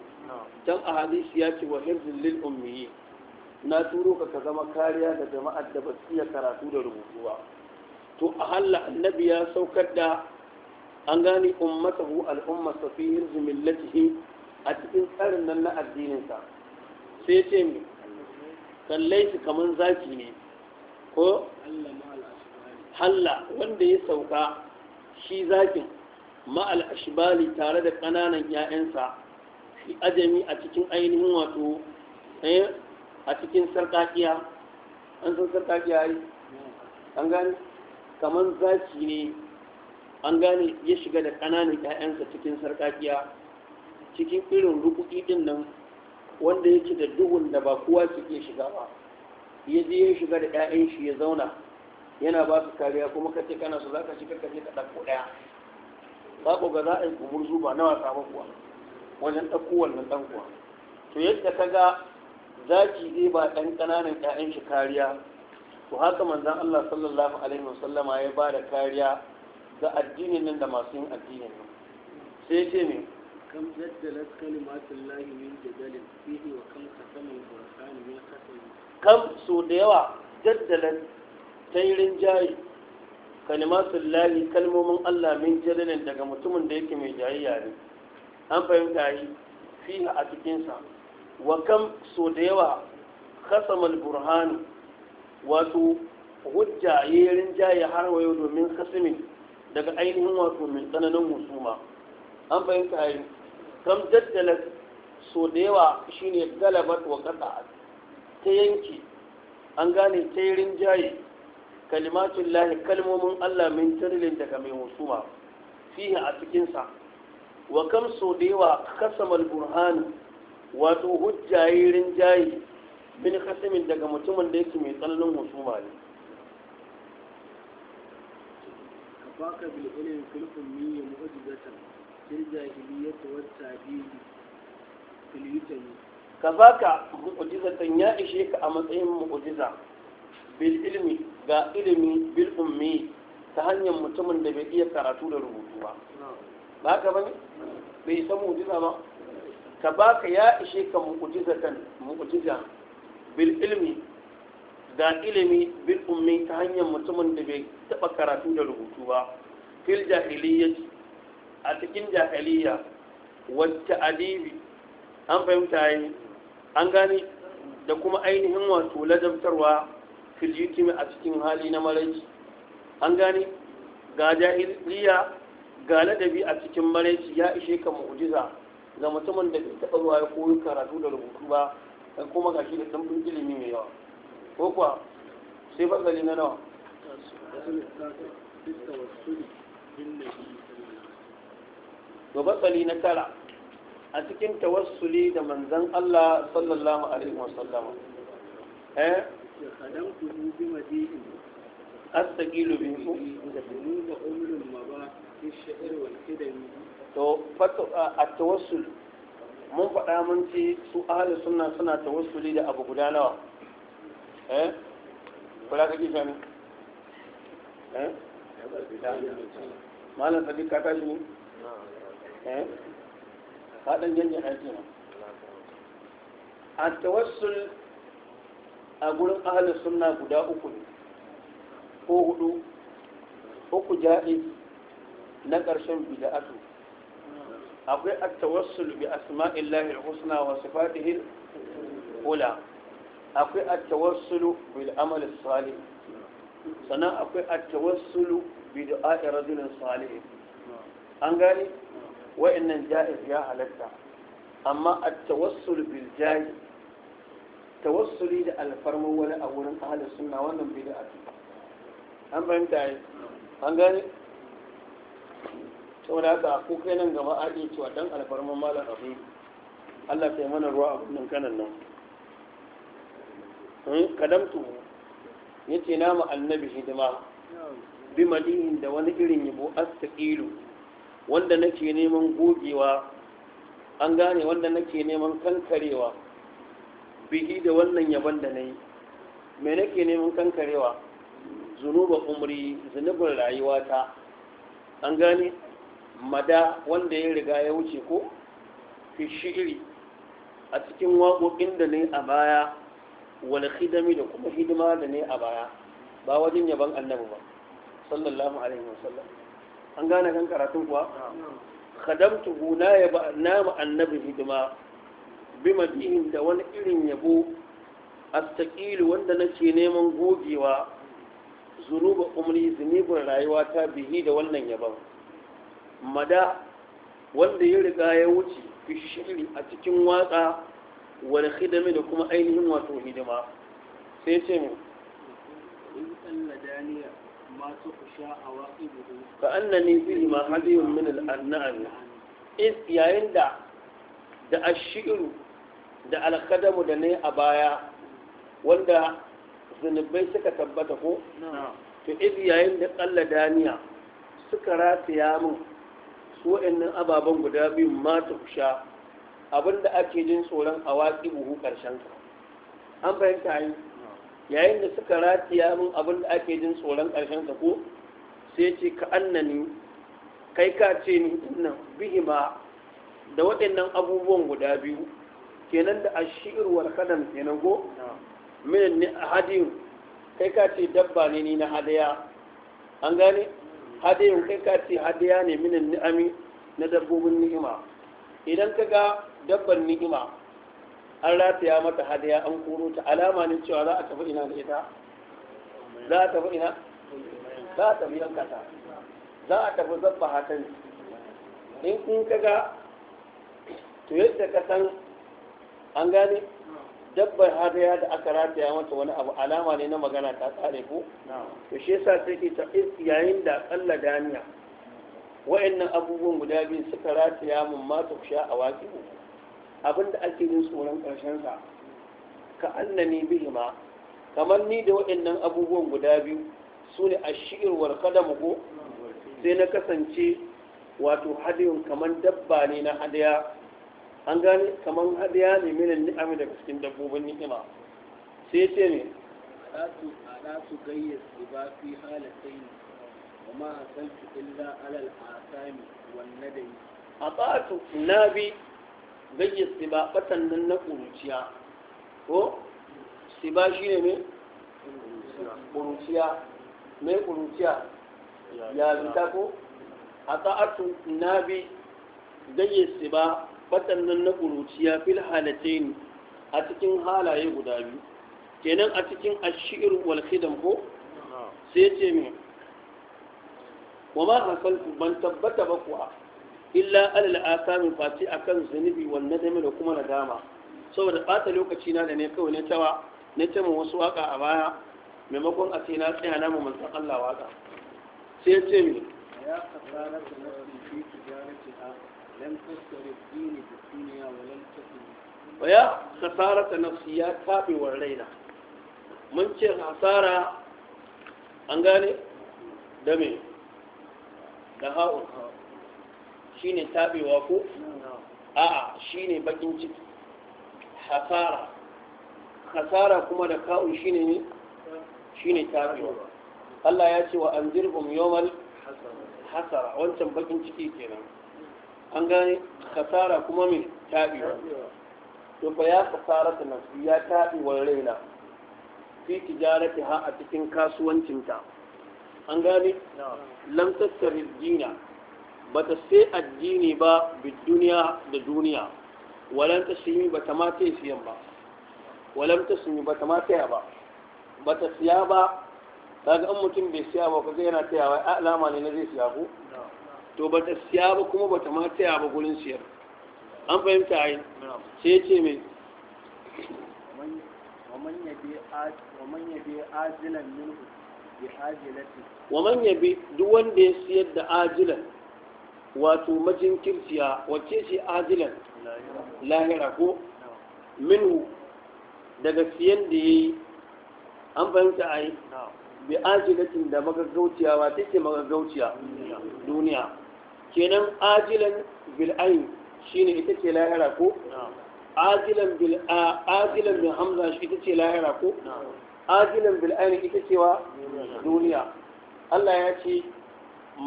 Don a hadisi ya ce wa hirzin lil ummiyi na turo ka ka zama kariya da jama'ar da ba su iya karatu da rubutu ba to a halla annabi ya saukar da an gane ummatahu al'umma safihin zumillatihi a cikin tsarin nan na addininsa sai ce mi kallai su kamar zaki ne ko halla wanda ya sauka shi zakin ma'al ashibali tare da ƙananan 'ya'yansa fi ajami a cikin ainihin wato eh, a cikin sarƙaƙiya an san sarƙaƙiya yi an gane kamar zaki ne an gane ya shiga da ƙananan 'ya'yansa cikin sarƙaƙiya cikin irin rukuki ɗin nan wanda yake da duhun da ba kowa su iya shiga ba ya je ya shiga da 'ya'yan shi ya zauna yana ba su kariya kuma kace kana su zaka shiga kaje ka ɗauko ɗaya ko ga za a yi kumurzu ba na wasa ba kuwa wajen ɗauko wannan ɗan kuwa to yadda ka ga zaki zai ba ɗan ƙananan 'ya'yan shi kariya to haka manzan Allah sallallahu alaihi wasallama ya ba da kariya ga addinin nan da masu yin addinin nan sai ce ne kam jaddalat kalimatul lahi min jadalin fihi wa kam qasamin qur'an min qasamin kam so da yawa jaddalat tayrin jayi kalimatul lahi kalmomin Allah min jadalin daga mutumin da yake mai jayayya ne an fahimta yi fiye a cikin sa wa kam so da yawa kasamal burhanu wato hujja yerin jaye har wayo domin kasimi daga ainihin wato min tsananin musuma an fahimta yi kam jaddala so da yawa shine galabat wa qata ta yanki an gane ta yerin jaye kalimatun lahi kalmomin Allah min tarilin daga mai musuma fiye a cikinsa wa kam so da yawa kasamal burhanu wato hujjayirin jayi rinjaye bin kasimin daga mutumin da yake mai tsananin husuma ne baka bil ilmi fil ummi mu'jizatan fil jahiliyyati wat ta'dil fil yutami kazaka mu'jizatan ya ishe ka a matsayin mu'jiza bil ilmi ga ilmi bil ummi ta hanyar mutumin da bai iya karatu da rubutu ba ba ka bane bai san mu'jiza ba ta baka ya ishe ka mu'jizatan mu'jiza bil ilmi da ilimi bil ummi ta hanyar mutumin da bai taba karatu da rubutu ba fil jahiliyyati a cikin jahiliya wata adibi an fahimta yi an gane da kuma ainihin wato ladabtarwa fil yukimi a cikin hali na maraici an gane ga jahiliya ga ladabi a cikin maraici ya ishe ka mu'jiza ga mutumin da bai taɓa ruwa ya koyi karatu da rubutu ba sai kuma gashi da ɗanfin ilimi mai yawa ko kuwa sai fasali na nawa to fasali na tara a cikin tawassuli da manzon Allah sallallahu alaihi wasallama eh خدمته بمجيء أستقيل به ذنوب أمر مضى في الشعر والقدم to a tawassul mun faɗa mun ce su ahalin suna suna tawassuli da abu guda nawa eh kula ka kisa eh? ne eh malam sabi ka ta shi eh ka dan janye aiki na. a tawassul a gurin ahalin suna guda uku ne ko hudu uku ja'i na ƙarshen bida'atu akwai at-tawassul bi asma'illahi al-husna wa sifatihi al-ula akwai at-tawassul bil amal salih sannan akwai at-tawassul bi du'a rajulin salih an gane wa'annan ja'iz ya halatta amma at-tawassul bil jahi tawassuli da alfarmar wani a wurin ahalin sunna wannan bid'a an fahimta an gane saboda haka ko kai nan gaba a iya cewa dan alfarman malam abin Allah sai mana ruwa a kunnin kanan nan eh, kadamtu ya ce mu annabi hidima bi madihin da wani irin yabo astaqilu wanda nake neman gogewa an gane wanda nake neman kankarewa bihi da wannan yaban da nayi me nake neman kankarewa zunuba umri zunubin rayuwata an gane mada wanda ya riga ya wuce ko fi shi'iri a cikin waƙoƙin da ne a baya wal hidami da kuma hidima da ne a baya ba wajen yaban annabi ba sallallahu alaihi wasallam an gane kan karatun kuwa khadamtu na yaba nama annabi hidima bi madihin da wani irin yabo astaqil wanda nake neman gogewa zunuba umri zunubin rayuwa ta bihi da wannan yaban mada wanda ya riga ya wuce fi a cikin waka wani hidami da kuma ainihin wato hidima sai ce mu ka annani bihi ma hadiyun min al-an'am is yayin da da ashiru da alkadamu da ne a baya wanda zunubai suka tabbata ko to iz yayin da kalla daniya suka rataya min su wa'annan ababen guda biyu ma ta kusha abinda ake jin tsoron a waƙi buhu ƙarshen ka an fahimta yi yayin da suka ya min abinda ake jin tsoron ƙarshen ka ko sai ce ka annani kai ka ce ni inna bihima da waɗannan abubuwan guda biyu kenan da a wal kadam kenan ko min a hadin kai ka ce dabba ne ni na hadaya an gane hadayin kai ka ce ne minin ni'ami na dabbobin ni'ima idan ka ga dabban ni'ima an rataya mata hadaya an koro ta alama ne cewa za a tafi ina da ita za a tafi ina za a tafi yanka ta za a tafi zabba hatan in kun ga to yadda ka san an gane dabbar ya da aka rataya mata wani abu alama ne na magana ta tsare ko to shi yasa sai ke ta yayin da kalla daniya wayannan abubuwan guda biyu suka rataya mun ma ta sha a waƙi abinda ake yin tsoron karshen sa ka annani bihi ma kamar ni da wayannan abubuwan guda biyu su ne a shi'ir warkadamu ko sai na kasance wato hadiyun kamar dabba ne na hadiya an gane kamar hadiya ne minan ni'ami daga cikin dabbobin ni'ima sai ce ne za su gayyar su ba fi halatai ne wa ma su illa alal asami wanne da yi a tu na bi gayyar su ba batan nan na ƙuruciya ko su ba shi ne mai ƙuruciya mai ƙuruciya ya zita ko a ta'atu na bi gayyar su ba batan nan na ƙuruciya fil halatain a cikin halaye guda biyu kenan a cikin ashir wal khidam ko sai ce me wa ma hasaltu ban tabbata ba kuwa illa alal asamin fati akan zunubi wal nadami da kuma nadama saboda bata lokaci na da ne kawai na tawa ne ta wasu waka a baya maimakon a ce na tsaya na mu manzon Allah waka sai ce me ya kasara ta nafsi fi tijarati waya khasara ta ya nafsiya wa raina mun ce hasara an gane da me da ha'un shi ne taɓewa ko a'a shi ne bakin ciki hasara hasara kuma da ka'un shi ne shi ne taɓewa Allah ya ce wa an zirgin yomal hasara wancan bakin ciki kenan an gane kasara kuma mai taɓiwa to ba ya kasara ta nasu ya wa raina fi tijarati ha a cikin kasuwancinta an gane lam jina ba ta sai addini ba bi duniya da duniya walan ba ta ma ta siyan ba walan tasmi bata ma ta ba ta siya ba kaga an mutum bai siya ba zai yana tayawa alama ne na zai siya ko to ba ta siya ba kuma ba ta ma taya ba gurin siyar an fahimta ai sai ce mai wa manya bi duk wanda ya siyar da ajilan wato majin majinkirciya wacce ce ajilan lahira ko minhu daga siyan da ya yi an fahimta a yi bi ajilatin da magagauciya wa take magagauciya duniya kenan ajilan bil shi ne ita ce lahira ko ajilan bil ajilan hamza shi ita ce lahira ko ajilan bil ita ce wa duniya Allah ya ce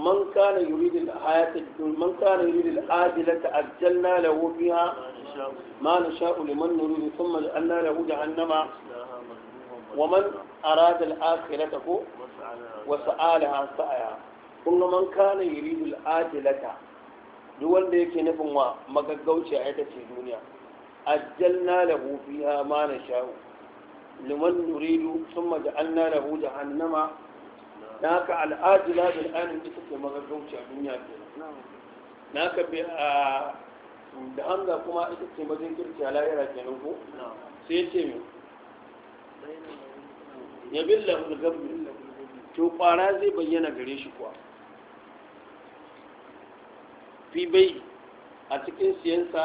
man kana yuridu hayatid dunya man kana yuridu ajilata ajjalna da fiha ma nasha'u liman nuridu thumma ja'alna lahu jahannama ومن أراد الآخرة وسعى لها سعيها kun ga man kana yuridul ajilata duk wanda yake nufin wa magaggauci a ita ce duniya ajjalna lahu fiha ma na nasha'u liman nuridu thumma ja'alna lahu jahannama naka al'ajila bil anin ita ce magaggauci a duniya ke naka bi a da hamza kuma ita ce mazin kirki a lahira nan ko sai ce mai ya billahu lahul gabbi to kwara zai bayyana gare shi kuwa fi bai a cikin siyansa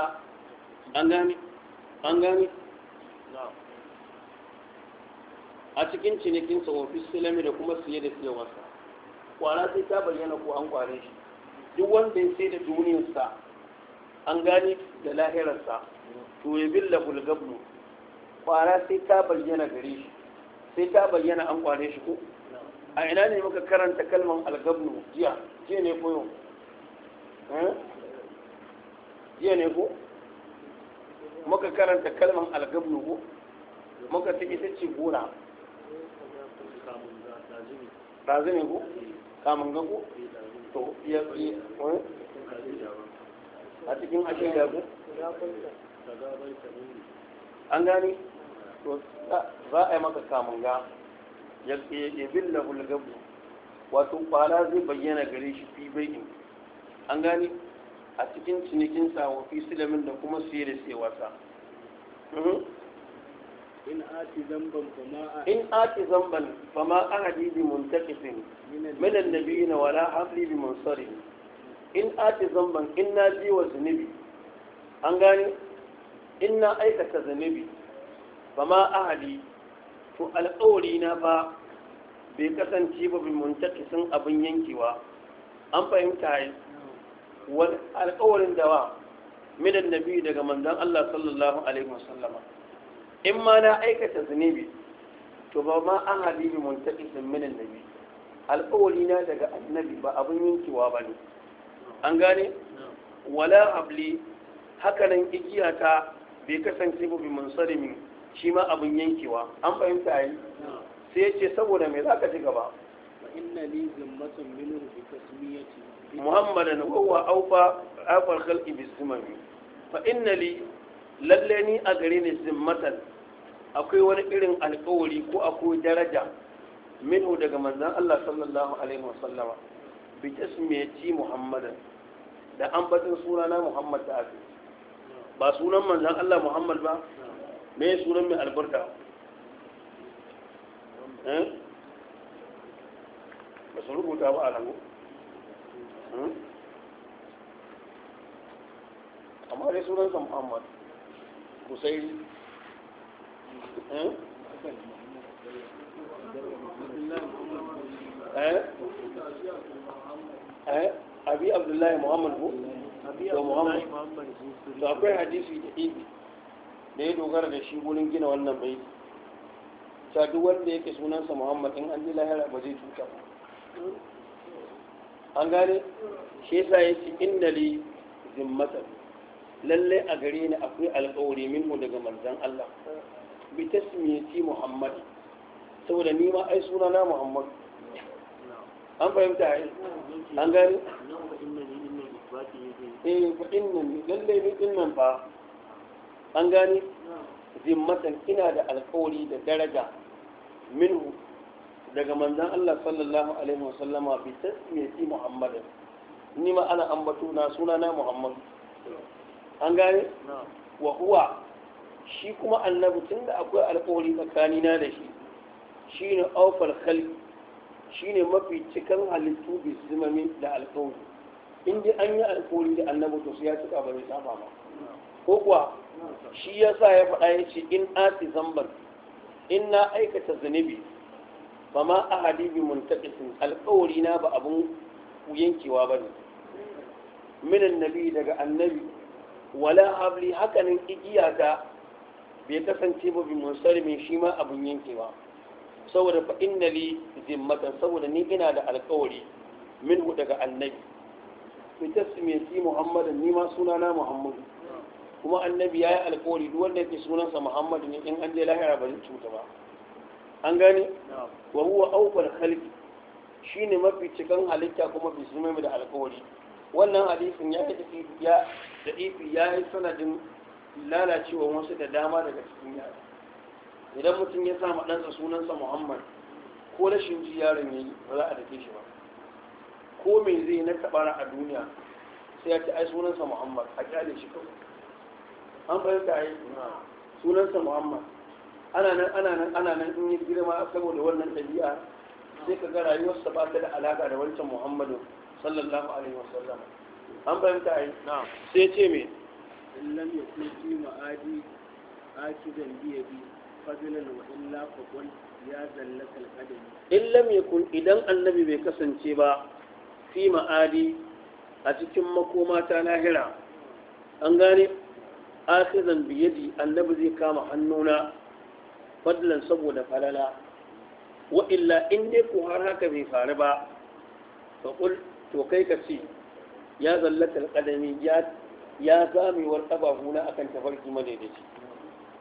an gani an gani a cikin cinikinsa wafi silami da kuma siye da siyarwarsa kwara sai ta bayyana ko an kware shi duk wanda ya sai da duniyarsa an gani da lahirarsa to ya billa gulgabnu kwara sai ta bayyana gare shi sai ta bayyana an kware shi ko a ina ne muka karanta kalmar algabnu jiya jiya ne koyo Hmm? jiya ne ko muka karanta kalmar algabnu ko muka ta ita ce gora ɗazu ne ko kamun ga ko to ya tsaye hmm? a cikin ashe da ko an gani to za a yi maka kamun ga ya tsaye ya billa hulgabnu wato kwana zai bayyana gare shi fi bai in an gani a cikin cinikin sawa fi silamin da kuma sire sai wata wasa mhm. in ati zamban ma a haɗi bi mun ana minan da min annabiyin wala hafli bi munsari in ati zamban in na ji wa zunubi an gani in na aikata zunubi a ahadi to alƙawari na ba bai kasance ba bi muntaqisin abin yankewa an fahimta wani alƙawarin da minan nabi daga manzon Allah sallallahu alaihi wasallama in ma na aikata zunubi to ba ma an habibi sun minan nabi alƙawari na daga annabi ba abin yankewa ba ne an gane wala habli hakanan igiya ta bai kasance ba bi munsalimin shi ma abin yankewa an fahimta yi sai yace saboda me za ka ci gaba inna li zimmatun minhu bi tasmiyati muhammadan huwa aufa afal khalqi bisimami fa inna li lalle ni a gare ni zimmatan akwai wani irin alƙawari ko akwai daraja minu daga manzon Allah sallallahu alaihi wasallama bi ci muhammadan da an batun sunana muhammad da aka ba sunan manzon Allah muhammad ba me sunan mai albarka eh? ba su rubuta ba a nan हमारे सूरज का मोहम्मद हुसैन है अभी अब्दुल्ला मोहम्मद को तो Mohammad da akwai hadisi da ibi da ya dogara da shi wurin gina wannan bai ta duk wanda yake sunansa muhammad in an ji lahira ba zai cuta ba an gane shi yasa ya ce inna li zimmata lalle a gare ni akwai alƙawari mu daga manzon Allah bi tasmiyati Muhammad saboda ni ma ai suna na Muhammad an fahimta ai an gane eh fa innan lalle ni dinnan fa an gane zimmatan ina da alƙawari da daraja minhu daga manzon Allah sallallahu alaihi wasallama bi tasmiyati Muhammadin ni ma ana ambato na suna na Muhammad an gane wa huwa shi kuma annabi tunda akwai alƙawari tsakani na da shi shine awfal khalqi shine mafi cikan halittu bi zimami da alƙawari in dai an yi alƙawari da annabi to sai ya cika ba zai saba ba ko kuwa shi yasa ya faɗa ya ce in ati zamban in na aikata zunubi ba ma a bi muntakisin alkawari na ba abun yankewa ba ne minan nabi daga annabi wala habli hakanin igiya ta bai kasance ba bi munsalimin shi ma abun yankewa saboda fa inna li zimmatan saboda ni ina da Min minhu daga annabi fi tasmiyati muhammadan ni ma na muhammadu kuma annabi yi alkawari, duk wanda yake sunansa muhammadu ne in an je lahira ba zai cuta ba an gani wa huwa awwal khalqi shine mafi cikan halitta kuma mai da alƙawari wannan hadisin ya yi ya da ifi ya yi sanadin lalacewa wasu da dama daga cikin yara idan mutum ya sa ɗansa sunansa muhammad ko rashin ji yaron ya yi ba za a dake shi ba ko me zai na taɓara a duniya sai ya ce ai sunansa muhammad a kyale shi kawai an fahimta ai sunansa muhammad ana nan ana nan in yi girma saboda wannan ɗabi'a sai ka ga rayuwarsa ba ta da alaƙa da wancan muhammadu sallallahu alaihi wasallam an fahimta ai sai ce me in lam yakun fi ma'adi akidan bi yadi fadlan wa illa faqul ya zallaka alqadam in lam kun, idan annabi bai kasance ba fi ma'adi a cikin makoma ta lahira an gane akidan bi yadi annabi zai kama hannuna fadlan saboda falala wa illa in dai ku har haka bai faru ba fa kul to kai ka ce ya zallata alqadami ya ya zamewar ƙafafuna akan tafarki madaidaici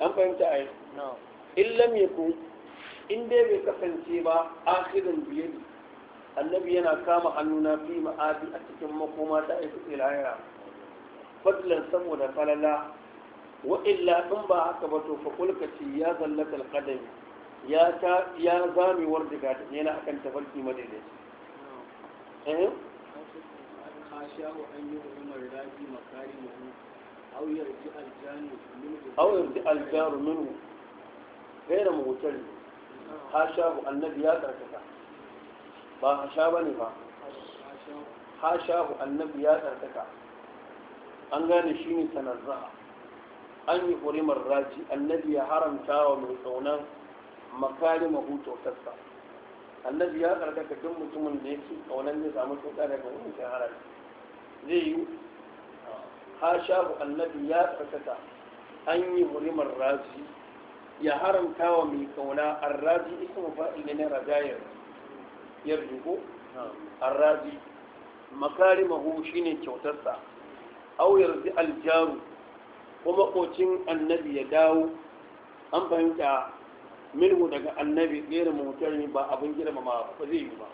an fahimta a in lam yakun in dai bai kasance ba akhirin biyadi annabi yana kama hannuna fi ma'adi a cikin makoma ta aiki tsirayira fadlan saboda falala wailla in ba haka ba to fakulka ya zallata alƙadami ya ta ya zamewar daga ta yana akan tafarki madaidaici eh أو يرجع الجار منه غير مغتل حاشاه النبي يا تركتا با حاشا بني با حاشاه النبي يا تركتا an gane shi ne tanazzaha an yi hurimar raji annabi ya haramta wa mai tsaunan makari mahuto sassa annabi ya tsarkaka duk mutumin da ya yake tsaunan ya samu tuka daga wani shahara zai yi ha shafu annabi ya tsarkaka an yi hurimar raji ya haramta wa mai kauna arraji ismu fa'il ne rajayar yarjugo arraji makarimahu shine kyautarsa aw yarzi aljaru ko makocin annabi ya dawo an fahimta minhu daga annabi gera mutane ba abin girmama ba zai yi ba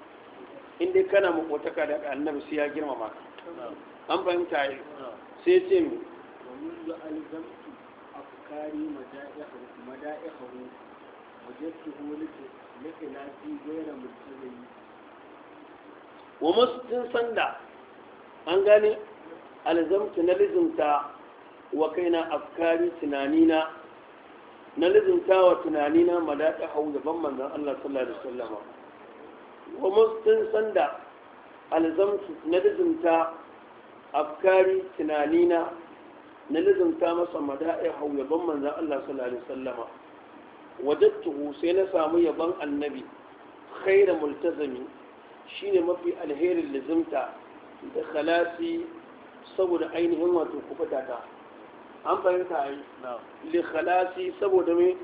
inda kana makotaka daga annabi sai ya girmama ka an fahimta yi sai ce mu wa masu tun sanda an gani غير na lizinta wa kaina afkari tunanina na lizinta wa tunanina madata hau gaban manzon Allah sallallahu alaihi wasallam wa mustin sanda alzamtu na lizinta afkari tunanina na lizinta masa madata hau gaban manzon Allah sallallahu alaihi wasallam wajadtuhu sai na samu yaban annabi khairu multazami shine mafi alherin lizimta da khalasi saboda ainihin wato kufata ta an fahimta a yi li saboda me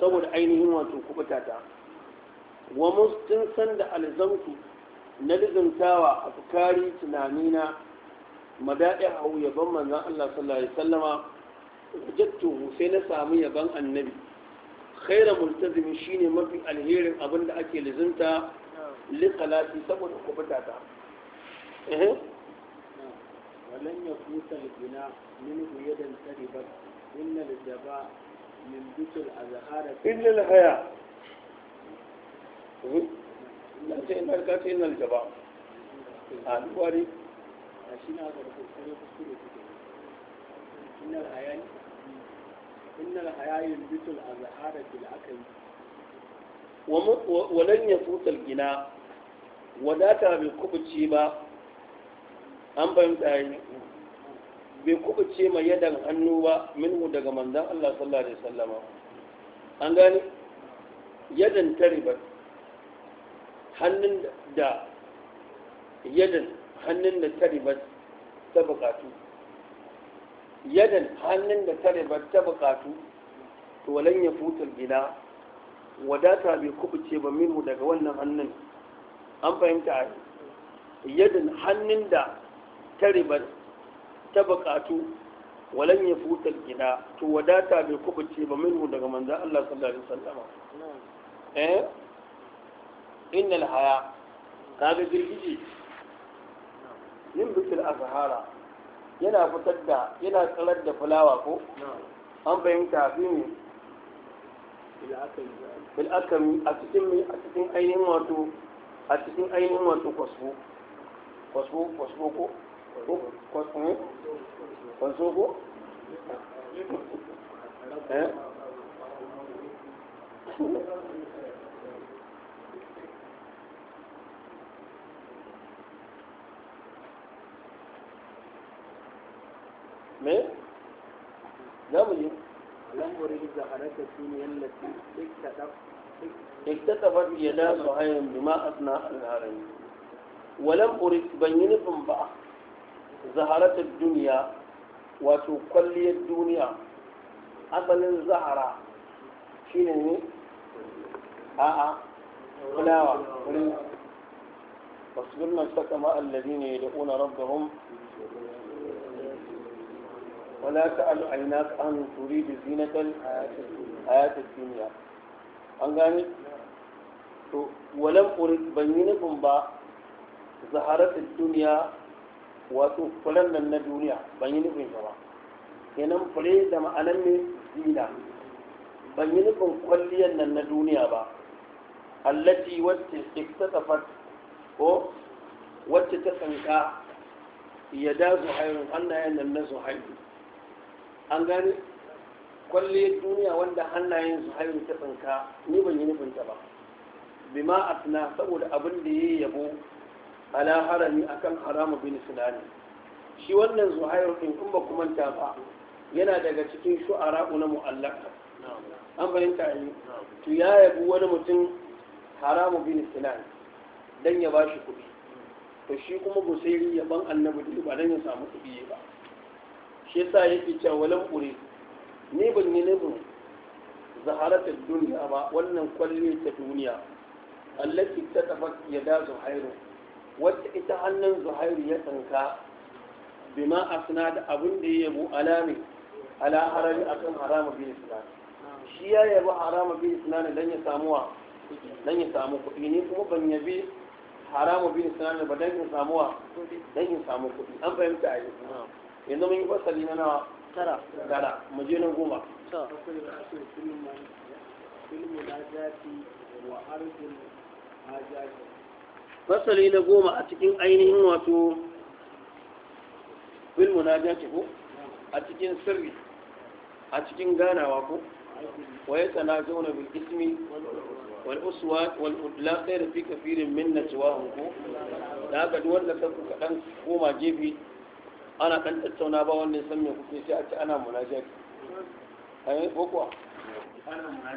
saboda ainihin wato kubuta ta wa mustin san da alzamtu na lizantawa a fukari tunanina madaɗi a hau yaban manzan Allah sallallahu alaihi sallama jattu sai na samu yaban annabi khaira multazimi shine mafi alherin abin da ake lizinta li khalasi saboda kubuta ta ولن يفوت الغنى منه يدا تربت إن الجباء من بيت الأزهار إلا الحياة لا شيء مركز إلا الجباء الواري أشينا هذا الكفر يفسر إن الحياة إن الحياة ينبت الأزهار بالعقل ولن يفوت الغنى wadata bai kubuce ba an fahimta yi bai ce mai yadan hannu ba minhu daga manzan Allah sallallahu alaihi wasallama an gani yadan taribar hannun da yadan hannun da taribar ta bukatu yadan hannun da taribar ta bukatu to walan ya futar gida wadata bai ce ba minhu daga wannan hannun an fahimta yi yadan hannun da ta ta bukatu walan ya futa gida to wadata bai kubuce ba minhu daga manzan Allah sallallahu alaihi wasallama eh innal haya kaga girgiji yin bikin azhara yana fitar da yana tsarar da fulawa ko an fahimta fi ne akami a cikin mai a cikin ainihin wato a cikin ainihin wato kwasfo kwasfo kwasfo ko Konsoko? Hein? Mais? لم أريد زهرة الدنيا التي اكتسبت يدا سهيل بما أثنى على الهرم ولم أريد بنين بعض zaharatar duniya wato kwalliyar duniya asalin zahara shi ne ne a'a fulawa wasu birnin saka ma'allabi ne da ƙuna rabbahun ولا تعل عيناك أن تريد زينة الحياة الدنيا أنغاني ولم أرد بينكم با زهرة الدنيا wato furen nan na duniya ban yi nufin shi ba kenan fure da ma'anan ne zina ban yi nufin kwalliyar nan na duniya ba allati wacce iktatafat ko wacce ta tsanka ya da zuhairun hannayen nan na zuhairu an gani kwalliyar duniya wanda hannayen zuhairu ta tsanka ni ban yi nufin ta ba bima asna saboda abin da ya yi yabo ala harami akan harama bin sulani shi wannan zuhair din kun ba kuma ta ba yana daga cikin shu'ara na mu'allaka an bayyanta a to ya yabi wani mutum haramu bin sulani dan ya bashi kuɗi to shi kuma gusairi ban annabi ba dan ya samu kuɗi ba shi yasa yake cewa walan ƙure ni ban yi nufin zaharatar duniya ba wannan kwalliyar ta duniya allati ta tafa ya zuhairu wacce ita hannun zuhairu ya tsanka bima suna da abin da ya yabo alami ala a akan harama bi islam shi ya yabo harama bi islam dan ya samu wa dan ya samu kuɗi ne kuma ban yabi harama bi islam ba dan ya samu wa dan ya samu kuɗi an fahimta yi yanzu mun yi fasali na nawa tara tara mu je na goma ilmu na zafi wa arzin fasali na goma a cikin ainihin wato filmu na jaci ko a cikin sirri a cikin ganawa ko waye tsana zaune bil ismi wal uswa wal udla sai da fi kafirin min na ciwahun ko da haka duk wanda kanku kaɗan koma gefe ana ɗan tattauna ba wanda ya san me kuke sai a ci ana munajati ayi eh, ko kuwa ana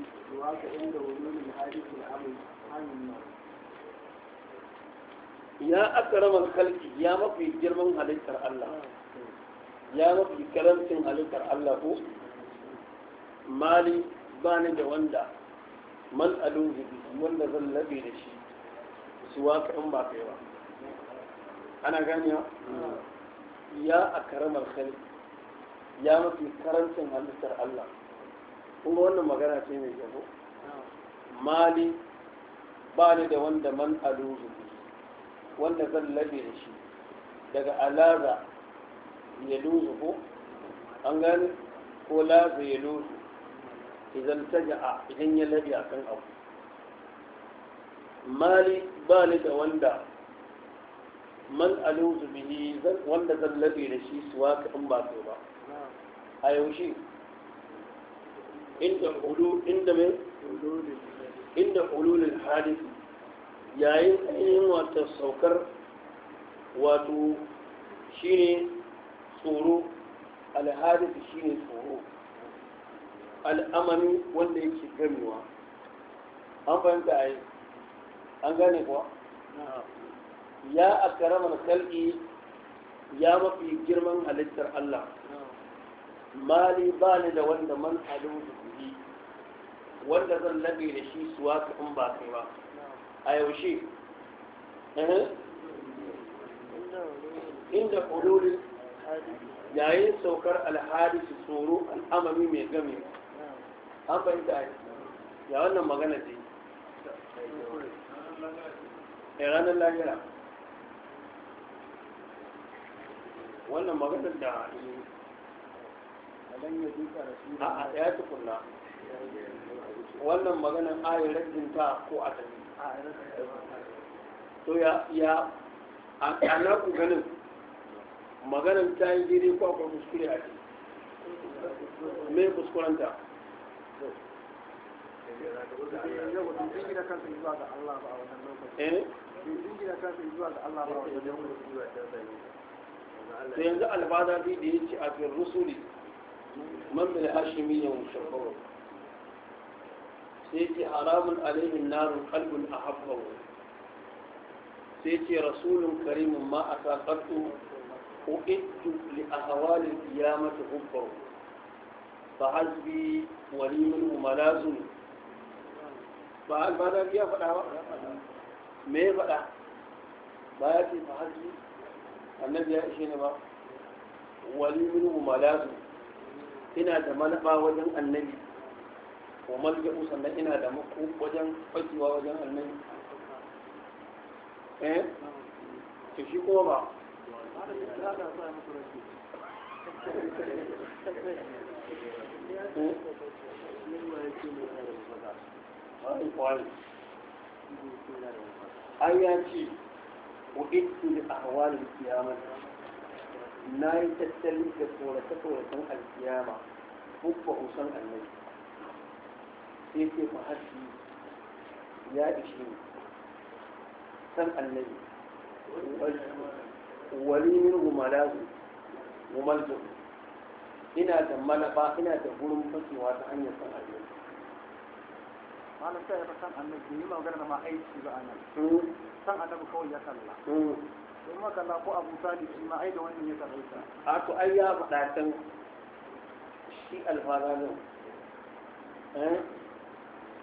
ya akrama kalki ya mafi girman halittar Allah ya mafi karamcin halittar Allah ko mali bani da wanda man alun wanda zan labe da shi su waka in ba kai ba ana ganiya hmm. ya akramar kalki ya mafi karamcin halittar Allah kuma wannan magana ce mai kyau mali ba ni da wanda man aluzu wanda zan labe da shi daga alaza ya luzu ko an gani ko laza ya luzu idan ta ja'a idan ya labe a kan abu mali ba ni da wanda man aluzu bihi wanda zan labe da shi suwa ka in ba ba a yaushe inda hulu inda mai inda hululul hadisi yayin ainihin wata saukar wato shine tsoro alhadisi shine tsoro al'amari wanda yake gamewa an fahimta a yi an gane kuwa ya a karamar kalbi ya mafi girman halittar Allah mali ba ni da wanda man alubu wanda zan labe da shi suwa ka in ba kai ba a yaushe inda kudurin yayin saukar su tsoro al'amari mai game an fahimta a ya wannan magana ce a eh, ranar lahira wannan maganar da yi a ya tukunna wannan maganin ayi rajinta ko a tafi to ya ya a ana ku ganin maganin ta yi daidai ko akwai muskuri a ce me kuskurenta da eh? yanzu albada zai da ya ce a fi rusuli من من الهاشمية ومشهورة سيتي حرام عليه النار قلب أحبه سيتي رسول كريم ما أتاقته وإدت لأهوال القيامة حبه فحزبي وليم وملازم فهل بعد بعد فلا فدا ما فدا بايتي النبي يا شيخ ولي منه ina da manufa wajen annabi ko malga'u sannan ina da mako wajen fakewa wajen annabi eh ke shi kuma ba eh? ai ya ce ku ittu da ahwalin kiyamata na yi tattali da tsorace-tsoracen alkiyama bukwa usan annabi sai ke mahashi ya ishe ni san annabi wani min gumalazu gumalzu ina da malaba ina da gurin fasowa ta hanyar san annabi malam ya ya san annabi yi magana ma aiki ba annabi hmm. san annabi kawai ya kalla hmm. don maka na ko abu Sali shi ma ai da wannan ya taraita a to ai ya faɗa can shi alfaranin eh?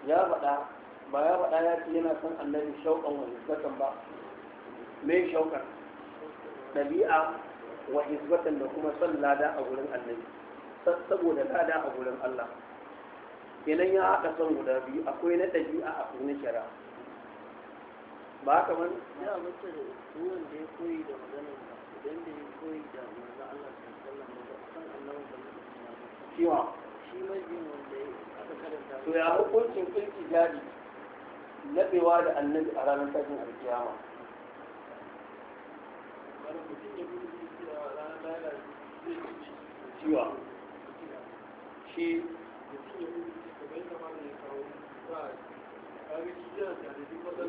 ya faɗa ba ya faɗa ya ce yana son annabi shauƙan wa hizbatan ba me shauƙar. ɗabi'a wa hizbatan da kuma son lada a gurin annabi saboda lada a gurin Allah kenan ya haɗa son guda biyu akwai na ɗabi'a akwai na shari'a ba haka ba ya mace da duwan da ya koyi da maganar idan da ya koyi da manzo Allah sallallahu alaihi wasallam san annabi ba kiwa shi mai bin wanda ya aka karanta to ya hukuncin kirki jadi nabewa da annabi a ranar tashin alkiyama ciwa shi mutum ya mutu ma ya kawo ba a ga shi yana da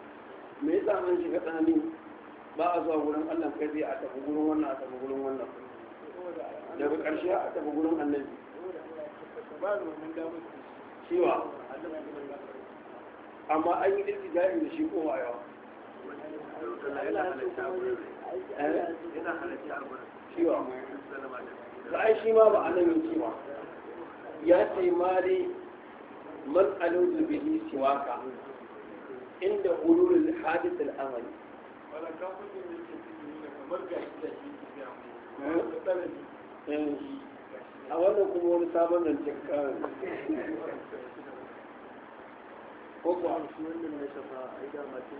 me yasa an shiga tsanani ba a zuwa gurin Allah kai zai a tafi gurin wannan a tafi gurin wannan daga ƙarshe a tafi gurin annabi cewa amma an yi ɗin jari da shi kowa yawa eh? cewa ba ai shi ma ba a nan cewa ya ce ma dai matsalolin bihi siwaka inda hululul hadis al'amari a wannan kuma wani sabon nan cikin karin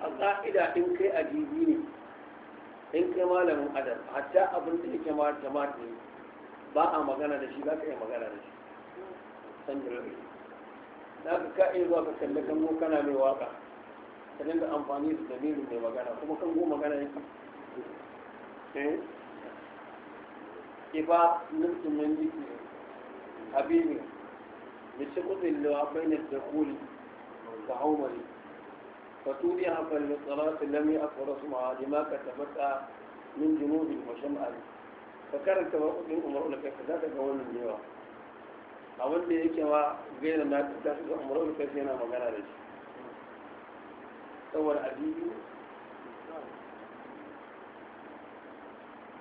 a ƙa'ida in kai ajibi ne in kai malamin adam hatta abin da yake ma jama'a ne ba a magana da shi za ka iya magana da shi san da rabi za ka ka iya zuwa ka kalli kango kana mai waka ka dinga amfani da dalilin mai magana kuma kan go magana eh? yake إباء نفس من ذكر حبيبي بشقط اللواء بين الدخول كعمري فتولي حق المطرات لم يأفر اسمها لما كتبتها من جنوب وشمال فكان التوافق من أمر لك كذلك كون اللواء أول لي كما غير ما تتاخذ أمر لك فينا مغانا لشي tsawar abinu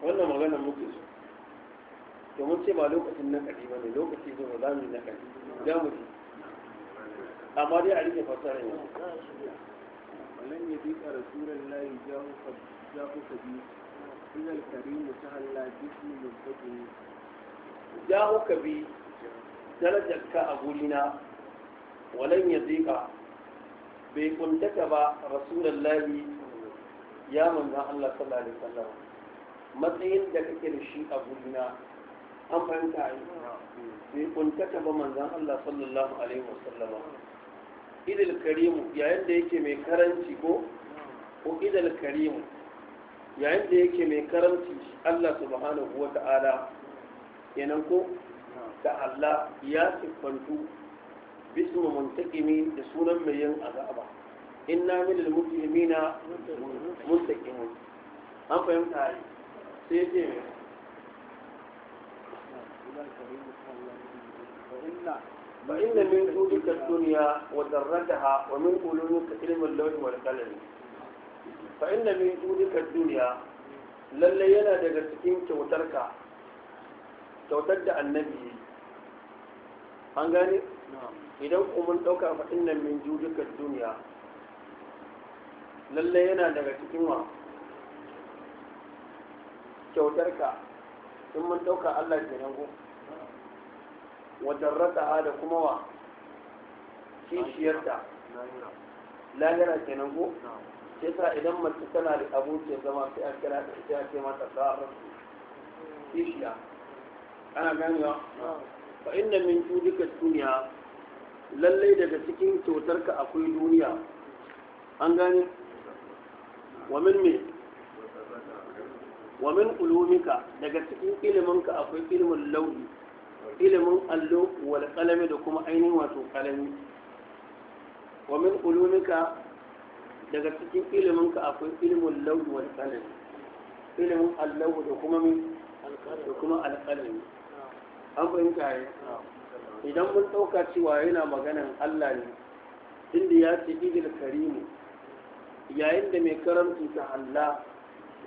wannan magana muke so mun ce ba lokacin na kadi ba ne lokaci zuwa za mu yi na kadi za mu ji amma dai a rike fasara ne. wannan ya bi ƙarasuran layi ja ku kabi ilal karimu ta halla jiki mai kabi ja ku bi darajar ka a gurina walan ya zika bai kuntata ba rasulullahi ya manzan Allah sallallahu alaihi matsayin da kake da shi a guduna an fahimta a bai kuntata ba manzan Allah sallallahu alaihi wasallama idil karimu yayin da yake mai karanci ko ko idil karimu yayin da yake mai karanci Allah subhanahu wa ta'ala kenan ko da Allah ya siffantu bismu muntakimi da sunan mai yin azaba inna min al-muslimina muntakimun an fahimta sai ya ce mai فإن من طولك الدنيا وذرتها ومن قلوبك علم اللوح والقلم فإن من طولك الدنيا للي ينا دقا سكين كوتركا كوتر النبي أنغاني نعم idan kumun ɗauka faɗin nan min ju duka duniya lallai yana daga cikin wa kyautarka in mun ɗauka Allah ke nan wajen rata da kuma wa kishiyarta lahira ke nan ko Ke sa idan mace tana da abokin zama sai a kira da ita ce mata su. kishiya ana ganewa Fa'in inna min ju duka duniya lallai daga cikin kyautarka akwai duniya an gane wamin me wamin ulumika daga cikin ilimin ka akwai ilimin launi ilimin allo wal kalami da kuma ainihin wato kalami wamin ulumika daga cikin ilimin ka akwai ilimin launi wal kalami ilimin allo da kuma min da kuma alkalami an fahimta ya yi idan mun ɗauka cewa yana maganan Allah ne inda ya ce idil karimu yayin da mai karamci ta Allah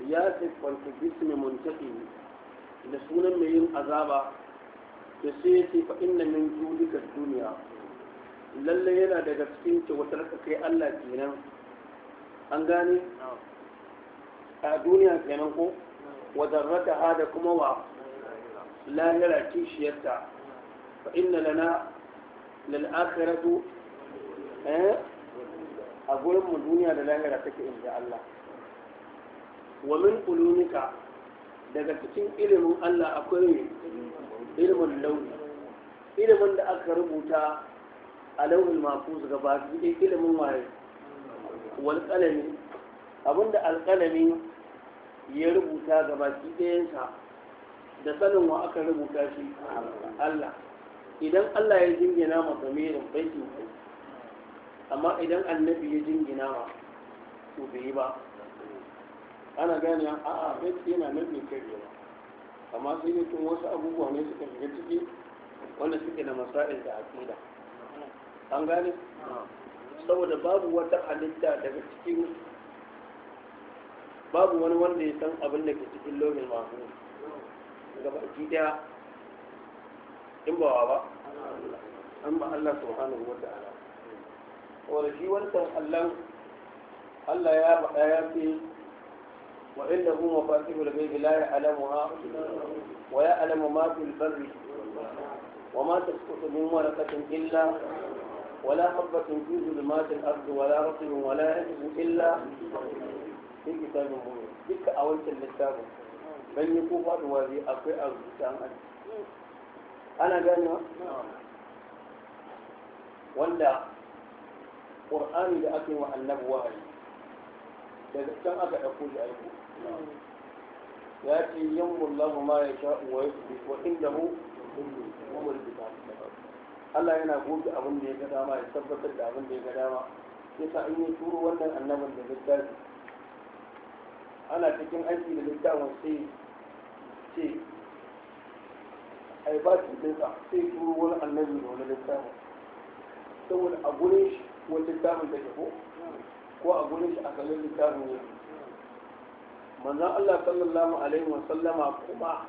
ya kwanta bismi muntaqim da sunan mai yin azaba da sai ya ce fa inna min julika duniya lalle yana daga cikin wata raka kai Allah kenan an gane a duniya kenan ko wadarrata da kuma wa lahira kishiyarta فإن لنا للآخرة أقول من الدنيا للآخرة إن شاء الله ومن قلونك daga cikin ilimin Allah akwai ilimin launi ilimin da aka rubuta a launin mafus gaba ɗaya ilimin waye walƙalami abinda alƙalami ya rubuta gaba ɗayansa da sanin wa aka rubuta shi Allah idan Allah ya jingina ma zamirin baitin kai amma idan annabi ya jingina ma to bai yi ba ana gane a a baiti yana nan bai ba amma sai ne tun wasu abubuwa ne suka shiga ciki wanda suke da masa'il da aqida an gane saboda babu wata halitta daga cikin babu wani wanda ya san abin da ke cikin lomin mahu gaba ki daya in ba wa ba an ba Allah subhanahu wa ta'ala wa shi wancan allan Allah ya faɗa ya ce wa inda hu mafatihul ghaibi la ya'lamuha wa ya'lamu ma fil barri wa ma tasqutu min waraqatin illa ولا حبة في ظلمات الأرض ولا رطب ولا يئس إلا في كتاب مبين تلك أول الكتاب من يكون قد وذي أقوى أو ana ganewa wanda ƙur'ani da ake wa annabi wahayi daga can aka ɗauko shi aiki ya ce yammun lahu ma ya sha wa fi wa indahu umul Allah yana goge abin da ya ga dama ya tabbatar da abin da ya ga dama sai sa in yi turo wannan annabin da littafi ana cikin aiki da littafin sai ce a ba shi ɗinsa sai turo wani annabi da wani littafin saboda a gurin shi wani littafin da ko ko a gurin shi a kallon littafin ne manzan Allah sallallahu alaihi wa sallama kuma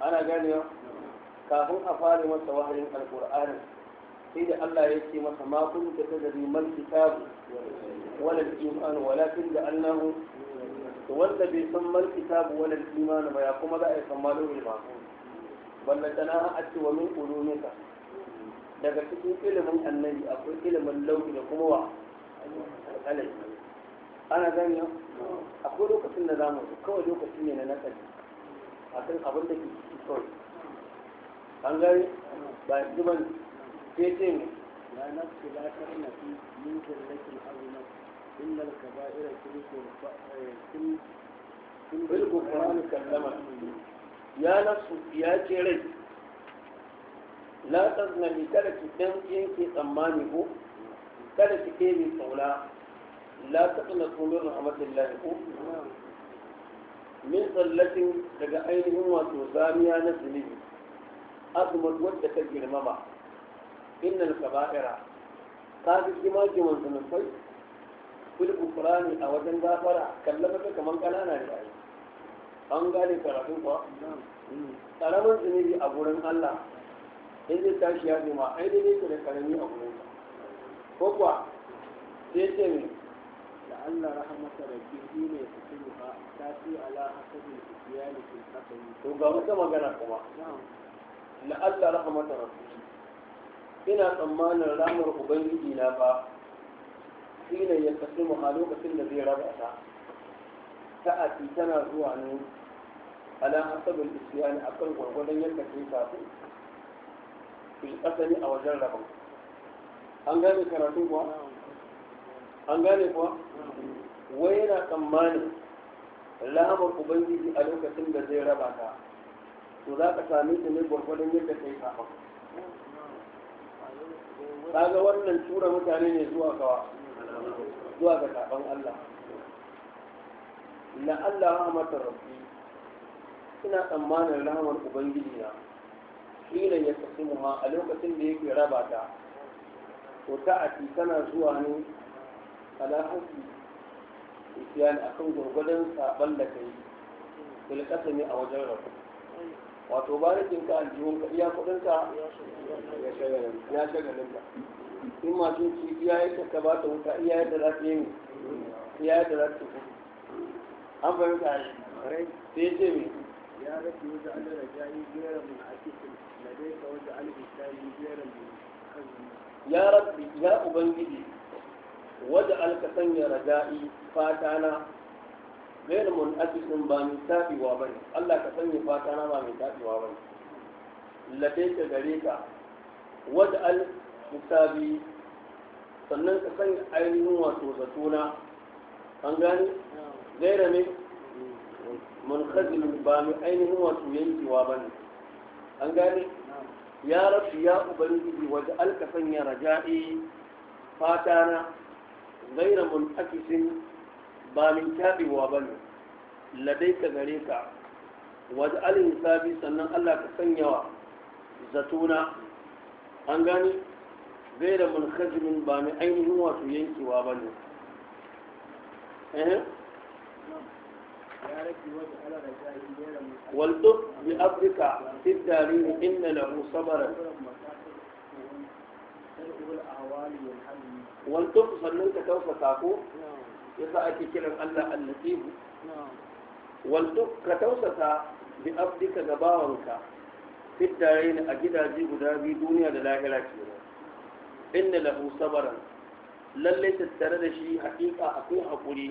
ana ganewa kafin a fara masa wahayin alƙur'anin sai da Allah ya ce masa ma kun ta tadari mal kitabu wala iman walakin da annahu wanda bai san mal kitabu wala iman ba ya kuma za a yi san malul ma'qul ballantana a ce wa min ulumika daga cikin ilimin annabi akwai ilimin lauki da kuma wa ana gani akwai lokacin da zamu su kawai lokaci ne na nakali a kan abin da ke ciki kawai an gani ba yanzu ba ce ne la nafsi la karna fi min kullatin azumat innal kaba'ira kullu eh, kullu kullu kullu kullu kullu kullu kullu ya nasu ya ce rai la taznani kada ki dan yanke tsammani ko kada ki ke mai tsaula la taqna qulu rahmatullahi ko min tsallatin daga ainihin wato zamiya na zunubi azumar wadda ta girmama innal kaba'ira ka fi kima jiman zunubai kul a wajen gafara kallaba kamar kanana ne a yi an gane karatun kuwa karamin zunubi a gurin Allah in zai tashi ya zuma ai da nesa karami a gurin sa sai ce ne da Allah rahamata da kirki ne su ci ba ta ci ala hasabin iyali ke hasabi to ga wata magana kuma la Allah rahamata ina tsammanin ramar ubangiji na ba shine ya kasu a lokacin da zai raba ta ta'ati tana zuwa ne ala hasabul isyani akan gwargwadon yadda kai tafi fil asali a wajen rabon an gane karatu kuwa an gane kuwa wai yana tsammanin lahamar ubangiji a lokacin da zai raba ka to za ka sami ta ne gwargwadon yadda kai tafi kaga wannan tura mutane ne zuwa kawa, zuwa ga taɓan Allah la'alla rahmatar rabbi suna tsammanin rahamar ubangiji na kila ya tafi muha a lokacin da yake raba ta ko ta a tana zuwa ne alahasi isiyan a kan gwargwadon saɓan da ka yi bilkasa ne a wajen rabu wato da jinka aljihun ka iya kuɗin ka ya shagalin ka in masu ci iya yadda ka ba ta wuta iya yadda za ta yi iya yadda za su yi an fahimta sai ce mai يا رب واجعل رجائي غير منعكس لديك واجعل إسلامي غير منعكس يا رب يا أبنجدي واجعل كسني رجائي فاتانا غير منعكس بامتابي وابني الله كسني فاتانا بامتابي وابني لديك غريك واجعل حسابي sannan ka sanya ainihin wato zatona an gane gaira ne منخزن بام عينه وسويه وابن انغاني يا رب يا ابني واجعلك فني رجائي فاتانا غير منعكس بام تاب وابن لديك غريك واجعل حسابي سنن الله كفني زتونا انغاني غير منخزن بام عينه وسويه وابن ايه والطب بأبرك في الدارين إن له صبرا والطب sannan ka tausasa ko yasa ake kiran Allah al-Latifu waltuf ka tausasa bi abdika ga bawanka fit a gidaje guda biyu duniya da lahira kenan inna lahu sabaran tattare da shi haƙiƙa akwai haƙuri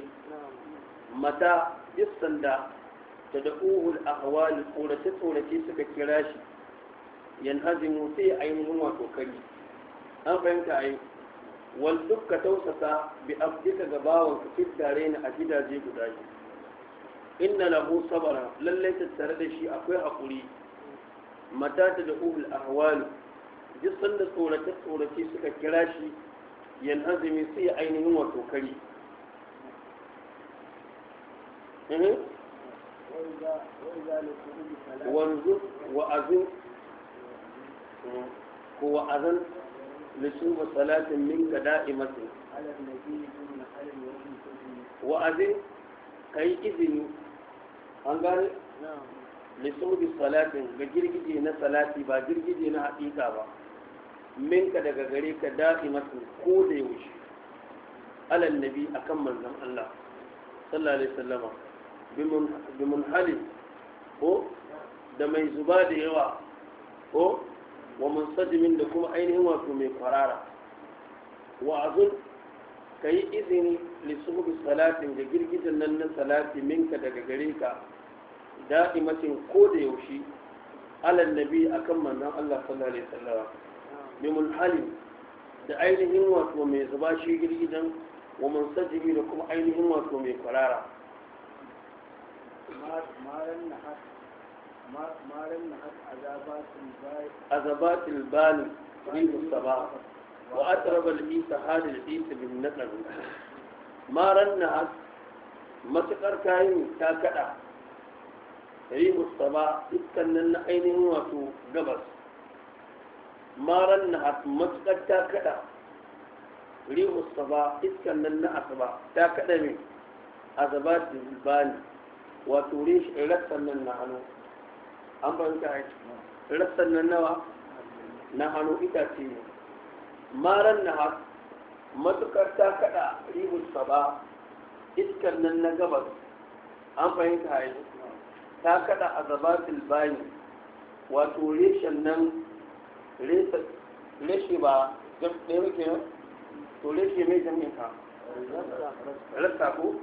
mata duk sanda ta da'uhul ahwal tsorace tsorace suka kira shi yan yanhazimu sai ainihin wato tokari, an fahimta ai wal dukka tausasa bi abdika ga bawanka fit dare ni a gidaje guda shi. biyu na lahu sabara lallai ta tare da shi akwai haƙuri mata ta da uhul ahwalu duk sanda tsorace tsorace suka kira shi yan azumi sai ainihin wato tokari. Mhm. wanzu wa'azin ko wa'azin lissu salatin min ka ga da'imatin wa'azin ka yi izini an gane lissu salatin ga girgije na salati ba girgije na haƙiƙa ba min ka daga gare ka da'imatin ko da yaushe alal nabi akan manzon Allah sallallahu alaihi wasallama bimun ko da mai zuba da yawa ko wa munsajimin da kuma ainihin wato mai kwarara wa azul ka yi izini lissuhubi salatin da girgijin nan na salati minka daga gare ka da'imacin ko da yaushe alal nabi akan manzon Allah sallallahu alaihi wasallam bimun halin da ainihin wato mai zuba shi girgidan wa mun munsajimi da kuma ainihin wato mai kwarara عذابات البال في الصباح وأترب العيسى هذا العيسى بالنقل ما رنها مسكر كاين تاكدا ريم الصباح إتكنن أين واتو قبس ما رنها مسكر تاكدا ريم الصباح إتكنن أصباح تاكدا من عذبات البال wato rassan nan na hannu an fahimta aiki? rassan nan nawa na hannu itace ne maran na har matukar ta kada ribus ba iskar nan na gabas an fahimta aiki. ta kada a zabatul bayi wato reshen nan reshe ba ɗaya muke nan to reshe mai jami'a rasta ko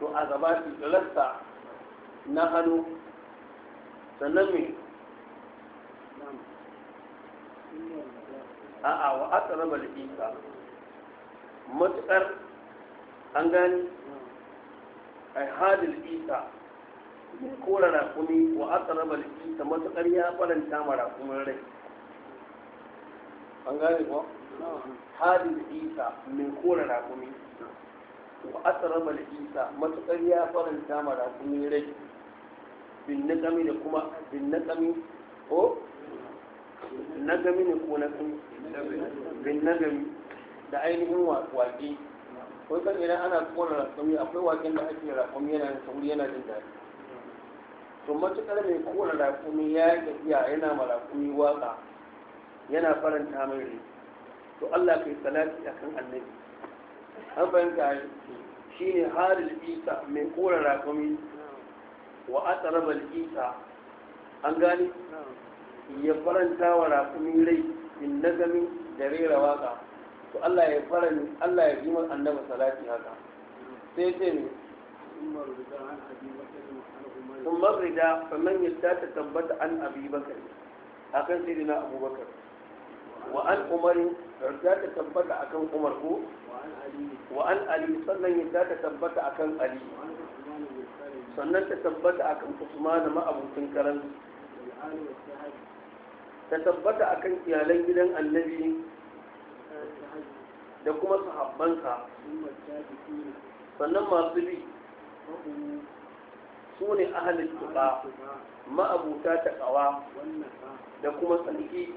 to a zabatul rasta na hannu sannan mai a'a wa aka raba liƙiƙa matuƙar an gani a hadin isa mai kora rakumi wa aka raba liƙiƙa matuƙar ya faranta ma rakumin rai an gane ko hadin liƙiƙa mai kora rakumi wa aka raba liƙiƙa matuƙar ya faranta ma rakumin rai bin naqami da kuma bin ko nagami ne ko nagami bin da ainihin waƙe ko kan idan ana kona rakami akwai waƙin da ake rakami yana da sauri yana jin daɗi to matuƙar mai kona rakami ya yi tafiya yana ma rakami waƙa yana faranta mai rai to Allah kai salati akan annabi an fahimta shi ne halil isa mai kona rakami wa ataraba al-isa an gane ya faranta wa rakumin rai in nazami da rera waka to Allah ya faran Allah ya yi annabi salati haka sai ce ne sun marrida faman yadda ta tabbata an abi bakari kan sai na abubakar wa an umarin yarda ta tabbata akan umar ko wa an ali sannan yadda ta tabbata akan ali sannan ta tabbata a kan usmanu ma'abucin karan ta tabbata a kan iyalan gidan annabi da kuma sahabbansa sannan masu bi su ne ahalin tuba ma'abuta ta kawa da kuma tsanki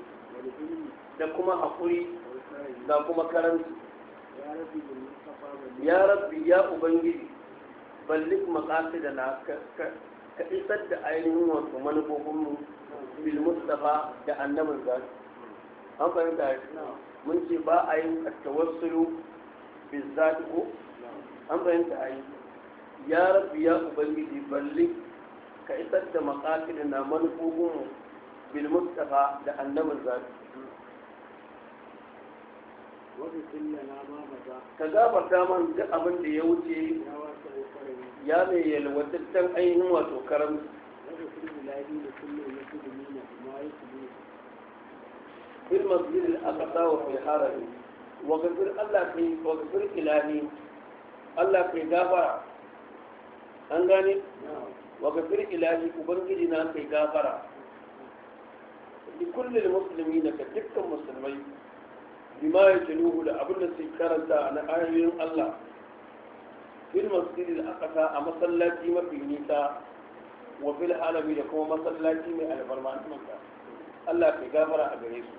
da kuma haƙuri da kuma karanci ya rabbi ya ubangiji ballik makasi da na ka isar da ainihin wasu manufofinmu bil mustafa da annabin zai an fahimta mun ce ba a yin tawassulu bil zati ko an fahimta a yi ya rabbi ya ubangiji ballik ka isar da makasi da na manufofinmu bil mustafa da annabin zai ka gafarta man duk abin da ya wuce ya mai yalwataccen ainihin wato karami fil masjid al-aqsa wa fil haram wa ghafir ubangiji na kai gafara li kulli muslimina ka dukkan musulmai bima ya nuhu da abin da sai karanta na ayoyin Allah fil masjidil aqsa a masallaci mafi nisa wa fil alami da kuma masallaci mai alfarma maka Allah ke gafara a gare su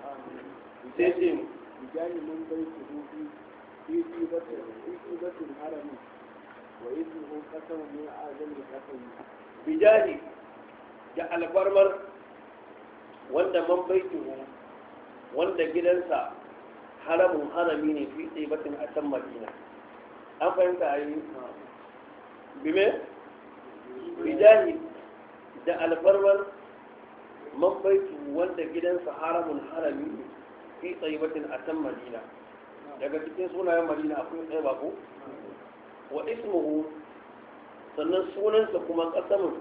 sai ce mu bijani mun bai ki rufi fi fi batul fi batul harami wa ismuhu qasamu min azami qasami bijani da alfarmar wanda man baituhu wanda gidansa haramin harami ne fi tsibatin a can madina an fahimta a yi bime bijahi da alfarwar mabaitu wanda gidansa haramun harami fi tsibatin a can madina daga cikin sunayen madina akwai tsaye bako wa ismuhu sannan sunansa kuma kasamin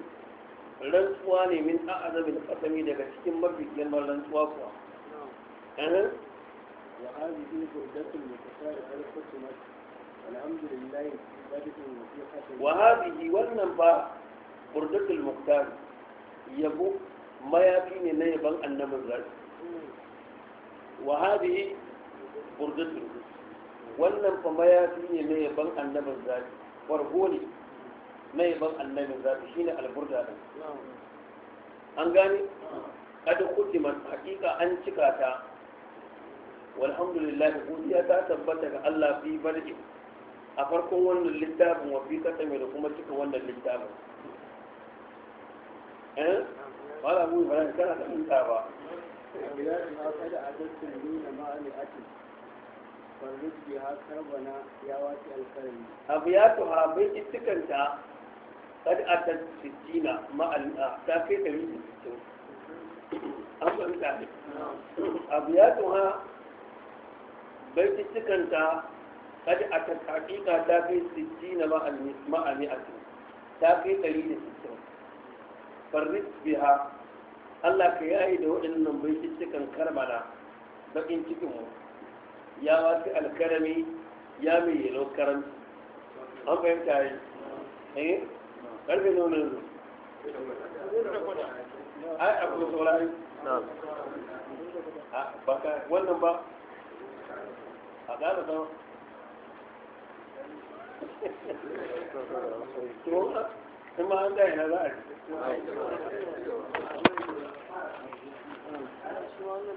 rantsuwa ne min a'azamin kasami daga cikin mafi girman rantsuwa kuwa وهذه بردة متفارقة الحكمة والحمد لله بردة وثيقة وهذه والنبا بردة المختار يبو ما يكين نيبا النبا الزاجي وهذه بردة wannan fa mayafi ne na yaban annabin zafi farko ne na yaban annabin zafi ne alburda din an gane kada kudiman hakika an cika ta walhamdulillah godiya ta tabbata ga Allah fi barji a farkon wannan littafin wa fi kasame da kuma cika wannan littafin eh wala mu ba kana da mun ba بلاد ما قد عددت من مالئة فرد bai كربنا يا واتي الكرم أبياتها بإتكنتا قد أتت ستين مع الأحتاكي تريد ستين أما أنت أبياتها baitikanta kada a ta hakika ta kai a ma'ami'atu ta fi ɗari da sittin farrit biha Allah ka yayi da waɗannan baitikan karbala bakin cikin mu ya wasu alkarami ya mai yelo karanci an fahimta yi eh nuna yanzu ai akwai saurari ba ka wannan ba faɗa da sama in ma an na za a